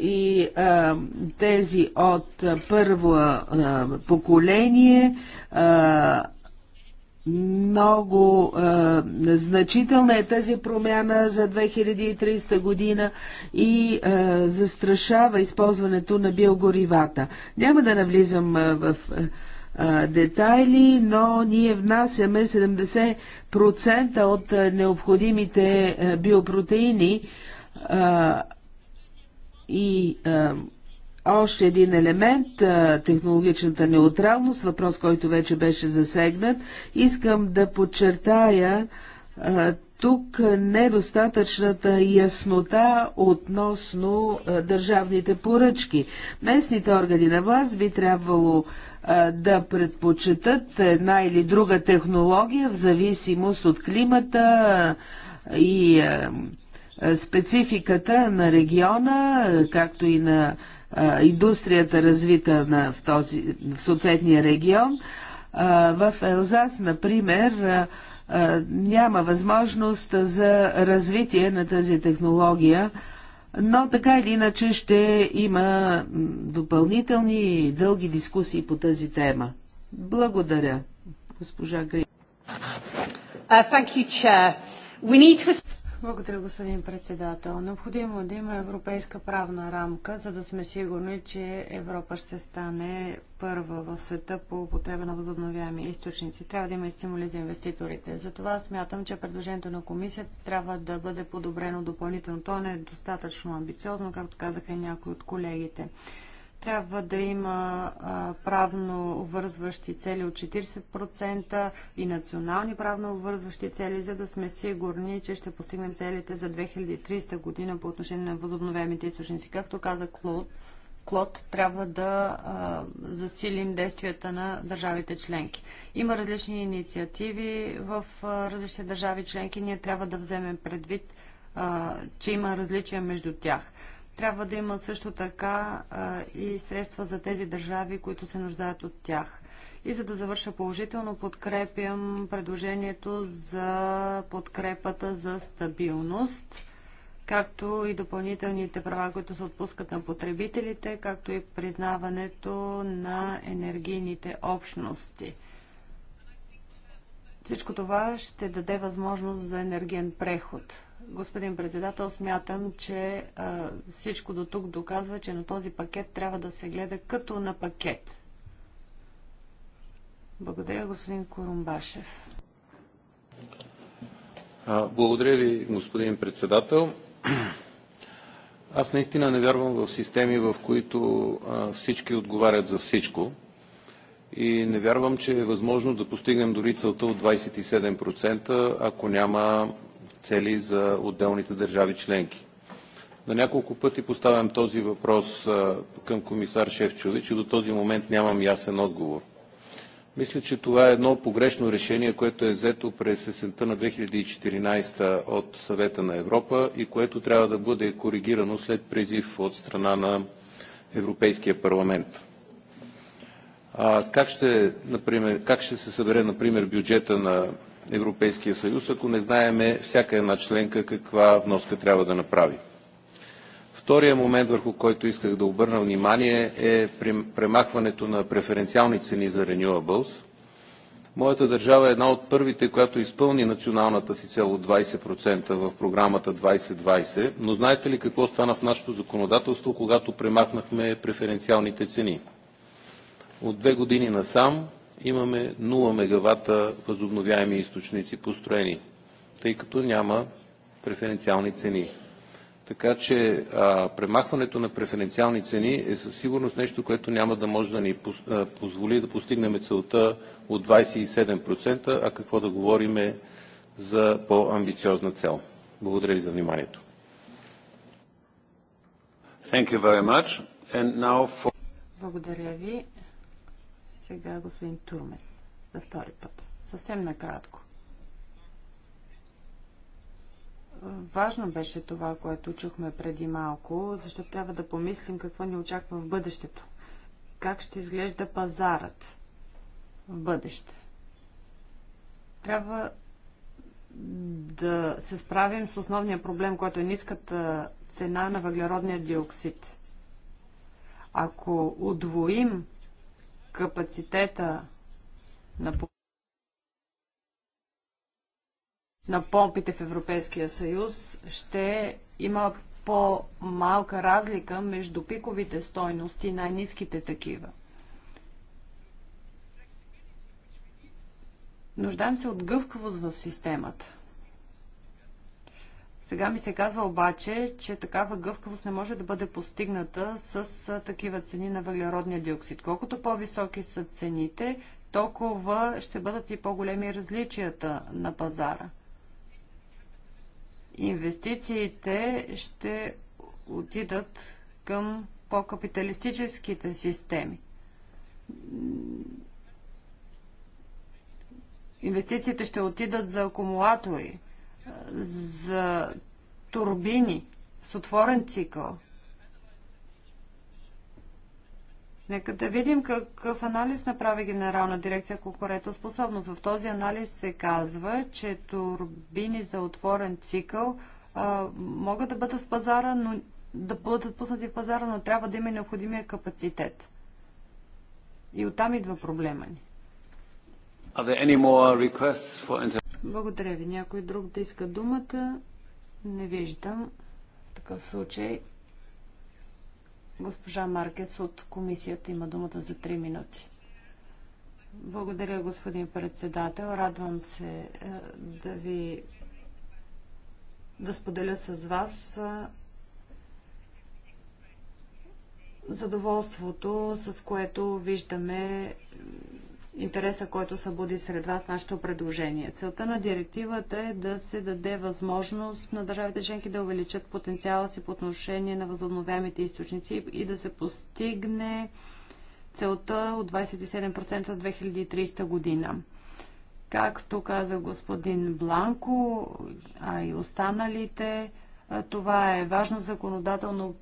и а, тези от първо а, поколение а, много е, значителна е тази промяна за 2300 година и е, застрашава използването на биогоривата. Няма да навлизам е, в в е, е, детайли, но ние внасяме 70% от е, необходимите биопротеини е, и е, още един елемент технологичната неутралност, въпрос, който вече беше засегнат. Искам да подчертая тук недостатъчната яснота относно държавните поръчки. Местните органи на власт би трябвало да предпочитат една или друга технология в зависимост от климата и спецификата на региона, както и на индустрията развита на, в, този, в съответния регион. В Елзас, например, няма възможност за развитие на тази технология, но така или иначе ще има допълнителни и дълги дискусии по тази тема. Благодаря, госпожа Гри. Uh, thank you, Chair. We need to... Благодаря, господин председател. Необходимо е да има европейска правна рамка, за да сме сигурни, че Европа ще стане първа в света по употреба на възобновяеми източници. Трябва да има и стимули за инвеститорите. Затова смятам, че предложението на комисията трябва да бъде подобрено допълнително. То не е достатъчно амбициозно, както казаха и някои от колегите. Трябва да има а, правно обвързващи цели от 40% и национални правно обвързващи цели, за да сме сигурни, че ще постигнем целите за 2300 година по отношение на възобновяемите източници. Както каза Клод, Клод, трябва да а, засилим действията на държавите членки. Има различни инициативи в а, различни държави членки. Ние трябва да вземем предвид, а, че има различия между тях. Трябва да има също така а, и средства за тези държави, които се нуждаят от тях. И за да завърша положително, подкрепям предложението за подкрепата за стабилност както и допълнителните права, които се отпускат на потребителите, както и признаването на енергийните общности. Всичко това ще даде възможност за енергиен преход. Господин председател, смятам, че а, всичко до тук доказва, че на този пакет трябва да се гледа като на пакет. Благодаря, господин Корумбашев. Благодаря ви, господин председател. Аз наистина не вярвам в системи, в които а, всички отговарят за всичко. И не вярвам, че е възможно да постигнем дори целта от 27%, ако няма цели за отделните държави членки. На няколко пъти поставям този въпрос към комисар Шефчович и до този момент нямам ясен отговор. Мисля, че това е едно погрешно решение, което е взето през есента на 2014 от Съвета на Европа и което трябва да бъде коригирано след призив от страна на Европейския парламент. А, как, ще, например, как ще се събере, например, бюджета на Европейския съюз, ако не знаеме всяка една членка каква вноска трябва да направи. Втория момент, върху който исках да обърна внимание, е премахването на преференциални цени за Renewables. Моята държава е една от първите, която изпълни националната си цел от 20% в програмата 2020, но знаете ли какво стана в нашето законодателство, когато премахнахме преференциалните цени? От две години насам имаме 0 мегавата възобновяеми източници построени, тъй като няма преференциални цени. Така че а, премахването на преференциални цени е със сигурност нещо, което няма да може да ни позволи да постигнем целта от 27%, а какво да говорим е за по-амбициозна цел. Благодаря ви за вниманието. For... Благодаря ви. Сега господин Турмес. За втори път. Съвсем накратко. Важно беше това, което чухме преди малко, защото трябва да помислим какво ни очаква в бъдещето. Как ще изглежда пазарът в бъдеще. Трябва да се справим с основния проблем, който е ниската цена на въглеродния диоксид. Ако удвоим капацитета на, на помпите в Европейския съюз, ще има по-малка разлика между пиковите стойности и най-низките такива. Нуждаем се от гъвкавост в системата. Сега ми се казва обаче, че такава гъвкавост не може да бъде постигната с такива цени на въглеродния диоксид. Колкото по-високи са цените, толкова ще бъдат и по-големи различията на пазара. Инвестициите ще отидат към по-капиталистическите системи. Инвестициите ще отидат за акумулатори, за турбини с отворен цикъл. Нека да видим какъв анализ направи Генерална дирекция конкурентоспособност. В този анализ се казва, че турбини за отворен цикъл а, могат да бъдат в пазара, но да бъдат пуснати в пазара, но трябва да има необходимия капацитет. И оттам идва проблема ни. Благодаря ви. Някой друг да иска думата? Не виждам. В такъв случай госпожа Маркец от комисията има думата за 3 минути. Благодаря, господин председател. Радвам се е, да ви да споделя с вас е, задоволството, с което виждаме интереса, който събуди сред вас нашето предложение. Целта на директивата е да се даде възможност на държавите членки да увеличат потенциала си по отношение на възобновяемите източници и да се постигне целта от 27% от 2030 година. Както каза господин Бланко, а и останалите, това е важно законодателно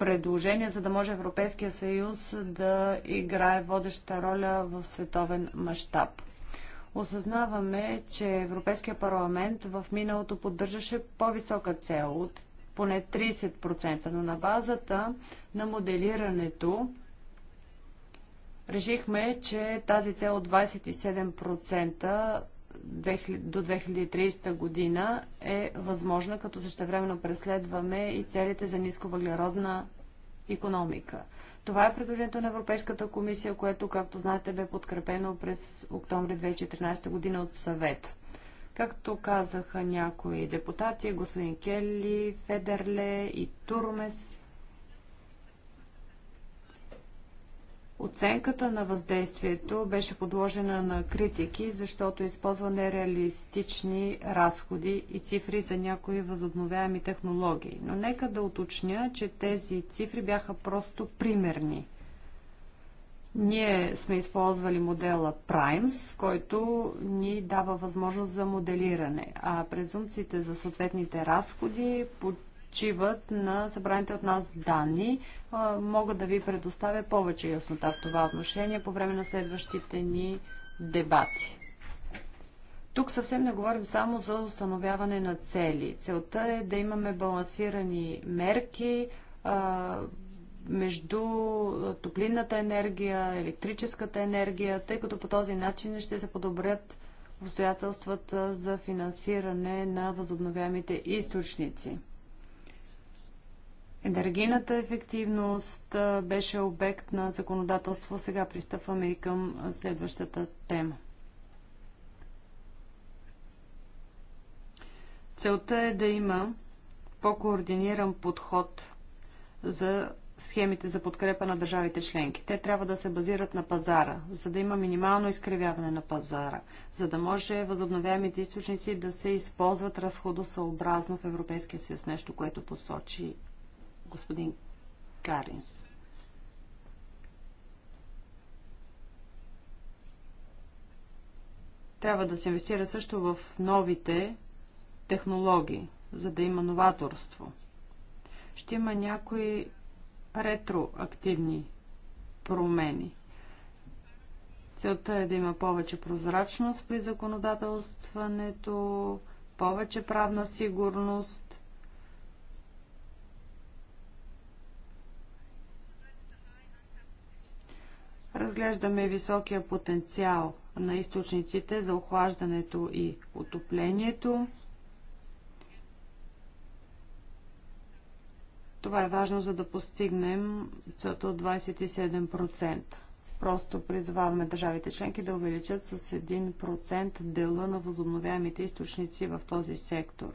предложения, за да може Европейския съюз да играе водеща роля в световен мащаб. Осъзнаваме, че Европейския парламент в миналото поддържаше по-висока цел от поне 30%, но на базата на моделирането решихме, че тази цел от 27% до 2030 година е възможна, като същевременно преследваме и целите за нисковъглеродна економика. Това е предложението на Европейската комисия, което, както знаете, бе подкрепено през октомври 2014 година от съвет. Както казаха някои депутати, господин Келли, Федерле и Турмес, Оценката на въздействието беше подложена на критики, защото използва нереалистични разходи и цифри за някои възобновяеми технологии. Но нека да уточня, че тези цифри бяха просто примерни. Ние сме използвали модела Primes, който ни дава възможност за моделиране, а презумците за съответните разходи почиват на събраните от нас данни. Мога да ви предоставя повече яснота в това отношение по време на следващите ни дебати. Тук съвсем не говорим само за установяване на цели. Целта е да имаме балансирани мерки между топлинната енергия, електрическата енергия, тъй като по този начин ще се подобрят обстоятелствата за финансиране на възобновяемите източници. Енергийната ефективност беше обект на законодателство. Сега пристъпваме и към следващата тема. Целта е да има по-координиран подход за схемите за подкрепа на държавите членки. Те трябва да се базират на пазара, за да има минимално изкривяване на пазара, за да може възобновяемите източници да се използват разходосъобразно в Европейския съюз, нещо, което посочи господин Каринс. Трябва да се инвестира също в новите технологии, за да има новаторство. Ще има някои ретроактивни промени. Целта е да има повече прозрачност при законодателстването, повече правна сигурност, Разглеждаме високия потенциал на източниците за охлаждането и отоплението. Това е важно, за да постигнем целта от 27%. Просто призваваме държавите членки да увеличат с 1% дела на възобновяемите източници в този сектор.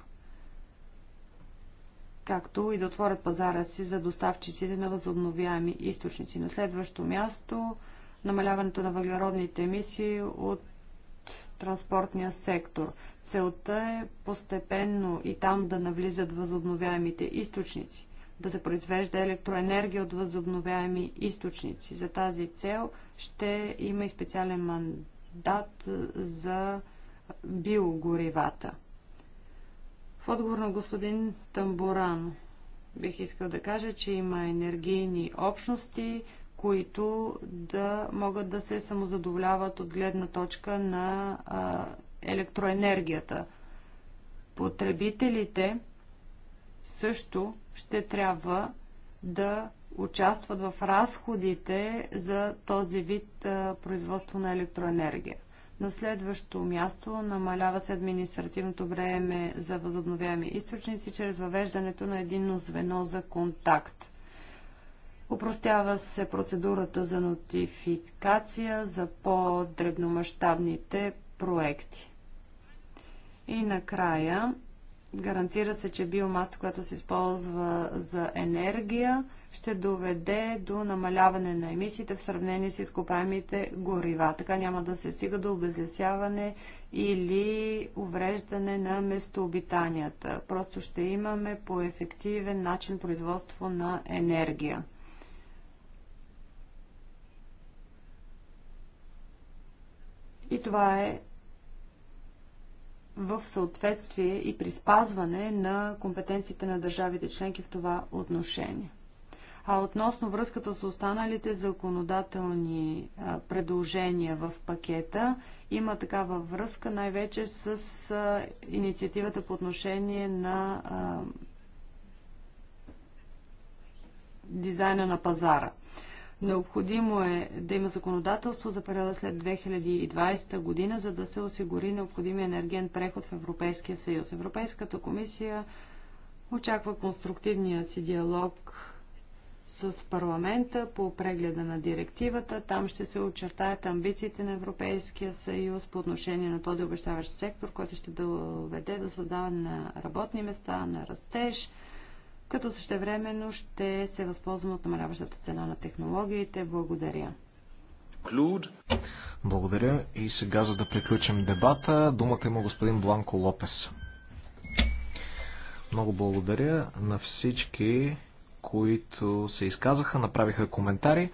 Както и да отворят пазара си за доставчиците на възобновяеми източници. На следващо място намаляването на въглеродните емисии от транспортния сектор. Целта е постепенно и там да навлизат възобновяемите източници, да се произвежда електроенергия от възобновяеми източници. За тази цел ще има и специален мандат за биогоривата. В отговор на господин Тамбуран бих искал да кажа, че има енергийни общности, които да могат да се самозадоволяват от гледна точка на електроенергията. Потребителите също ще трябва да участват в разходите за този вид производство на електроенергия. На следващо място намалява се административното време за възобновяеми източници чрез въвеждането на единно звено за контакт. Опростява се процедурата за нотификация за по-дребномащабните проекти. И накрая гарантира се, че биомаса, която се използва за енергия, ще доведе до намаляване на емисиите в сравнение с изкопаемите горива. Така няма да се стига до обезлесяване или увреждане на местообитанията. Просто ще имаме по-ефективен начин производство на енергия. И това е в съответствие и при спазване на компетенциите на държавите членки в това отношение. А относно връзката с останалите законодателни предложения в пакета, има такава връзка най-вече с инициативата по отношение на дизайна на пазара – Необходимо е да има законодателство за периода след 2020 година, за да се осигури необходимия енерген преход в Европейския съюз. Европейската комисия очаква конструктивния си диалог с парламента по прегледа на директивата. Там ще се очертаят амбициите на Европейския съюз по отношение на този обещаващ сектор, който ще доведе до създаване на работни места, на растеж – като същевременно ще се възползвам от намаляващата цена на технологиите. Благодаря. Благодаря. И сега, за да приключим дебата, думата има господин Бланко Лопес. Много благодаря на всички, които се изказаха, направиха коментари.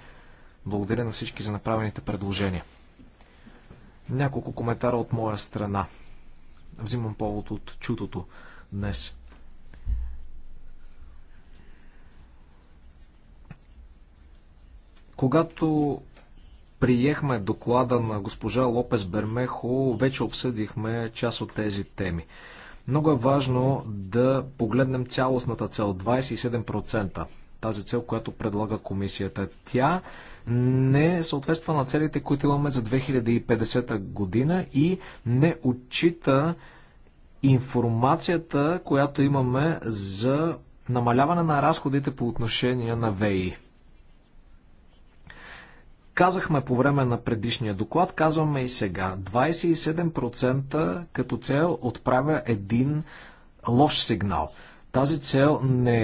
Благодаря на всички за направените предложения. Няколко коментара от моя страна. Взимам повод от чутото днес. Когато приехме доклада на госпожа Лопес Бермехо, вече обсъдихме част от тези теми. Много е важно да погледнем цялостната цел 27%. Тази цел, която предлага комисията. Тя не съответства на целите, които имаме за 2050 година и не отчита информацията, която имаме за намаляване на разходите по отношение на ВИ. Казахме по време на предишния доклад, казваме и сега. 27% като цел отправя един лош сигнал. Тази цел не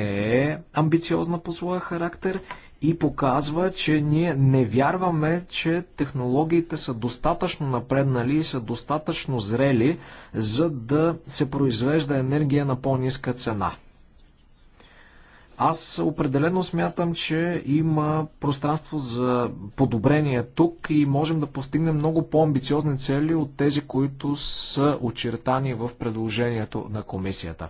е амбициозна по своя характер и показва, че ние не вярваме, че технологиите са достатъчно напреднали и са достатъчно зрели, за да се произвежда енергия на по-ниска цена. Аз определено смятам, че има пространство за подобрение тук и можем да постигнем много по-амбициозни цели от тези, които са очертани в предложението на комисията.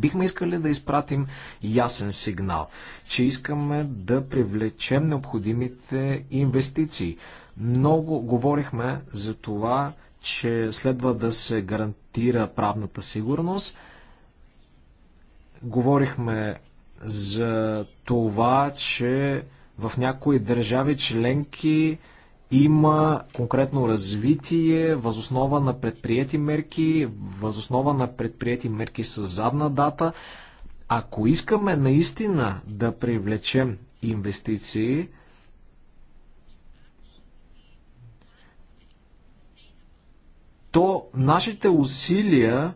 Бихме искали да изпратим ясен сигнал, че искаме да привлечем необходимите инвестиции. Много говорихме за това, че следва да се гарантира правната сигурност. Говорихме за това, че в някои държави членки има конкретно развитие възоснова на предприяти мерки, възоснова на предприяти мерки с задна дата. Ако искаме наистина да привлечем инвестиции, то нашите усилия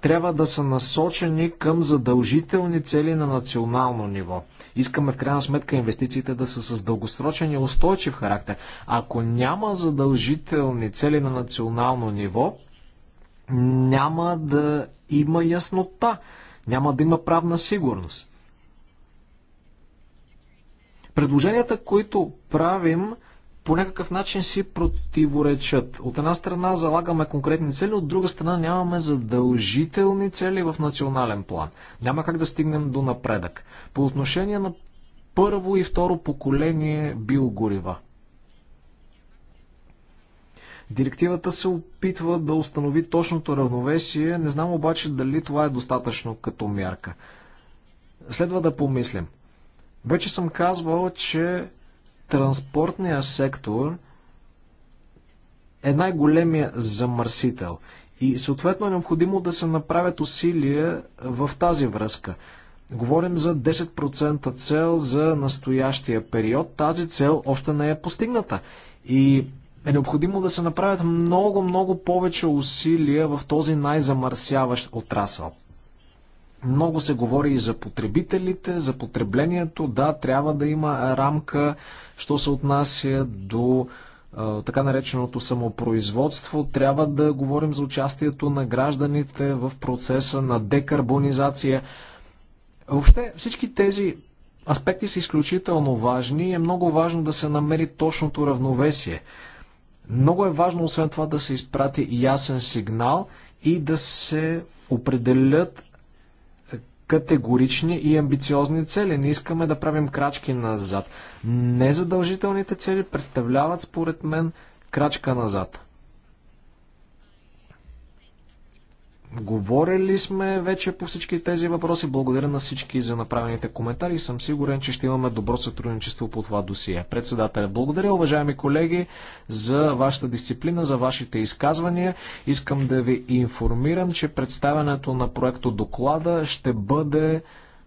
трябва да са насочени към задължителни цели на национално ниво. Искаме в крайна сметка инвестициите да са с дългосрочен и устойчив характер. Ако няма задължителни цели на национално ниво, няма да има яснота, няма да има правна сигурност. Предложенията, които правим, по някакъв начин си противоречат. От една страна залагаме конкретни цели, от друга страна нямаме задължителни цели в национален план. Няма как да стигнем до напредък. По отношение на първо и второ поколение биогорива. Директивата се опитва да установи точното равновесие, не знам обаче дали това е достатъчно като мярка. Следва да помислим. Вече съм казвал, че Транспортният сектор е най-големия замърсител и съответно е необходимо да се направят усилия в тази връзка. Говорим за 10% цел за настоящия период. Тази цел още не е постигната. И е необходимо да се направят много, много повече усилия в този най-замърсяващ отрасъл. Много се говори и за потребителите, за потреблението. Да, трябва да има рамка, що се отнася до така нареченото самопроизводство. Трябва да говорим за участието на гражданите в процеса на декарбонизация. Въобще всички тези аспекти са изключително важни и е много важно да се намери точното равновесие. Много е важно, освен това, да се изпрати ясен сигнал и да се определят категорични и амбициозни цели. Не искаме да правим крачки назад. Незадължителните цели представляват, според мен, крачка назад. Говорили сме вече по всички тези въпроси. Благодаря на всички за направените коментари. Съм сигурен, че ще имаме добро сътрудничество по това досие. Председателя, благодаря, уважаеми колеги, за вашата дисциплина, за вашите изказвания. Искам да ви информирам, че представянето на проекто доклада ще бъде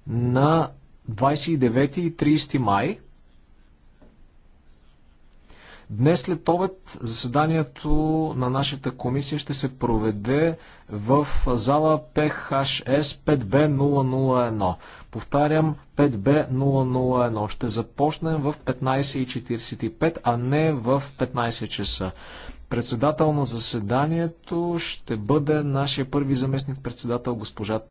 на 29 и 30 май. Днес след обед заседанието на нашата комисия ще се проведе в зала PHS 5B001. Повтарям 5B001. Ще започнем в 15.45, а не в 15 часа. Председател на заседанието ще бъде нашия първи заместник председател госпожа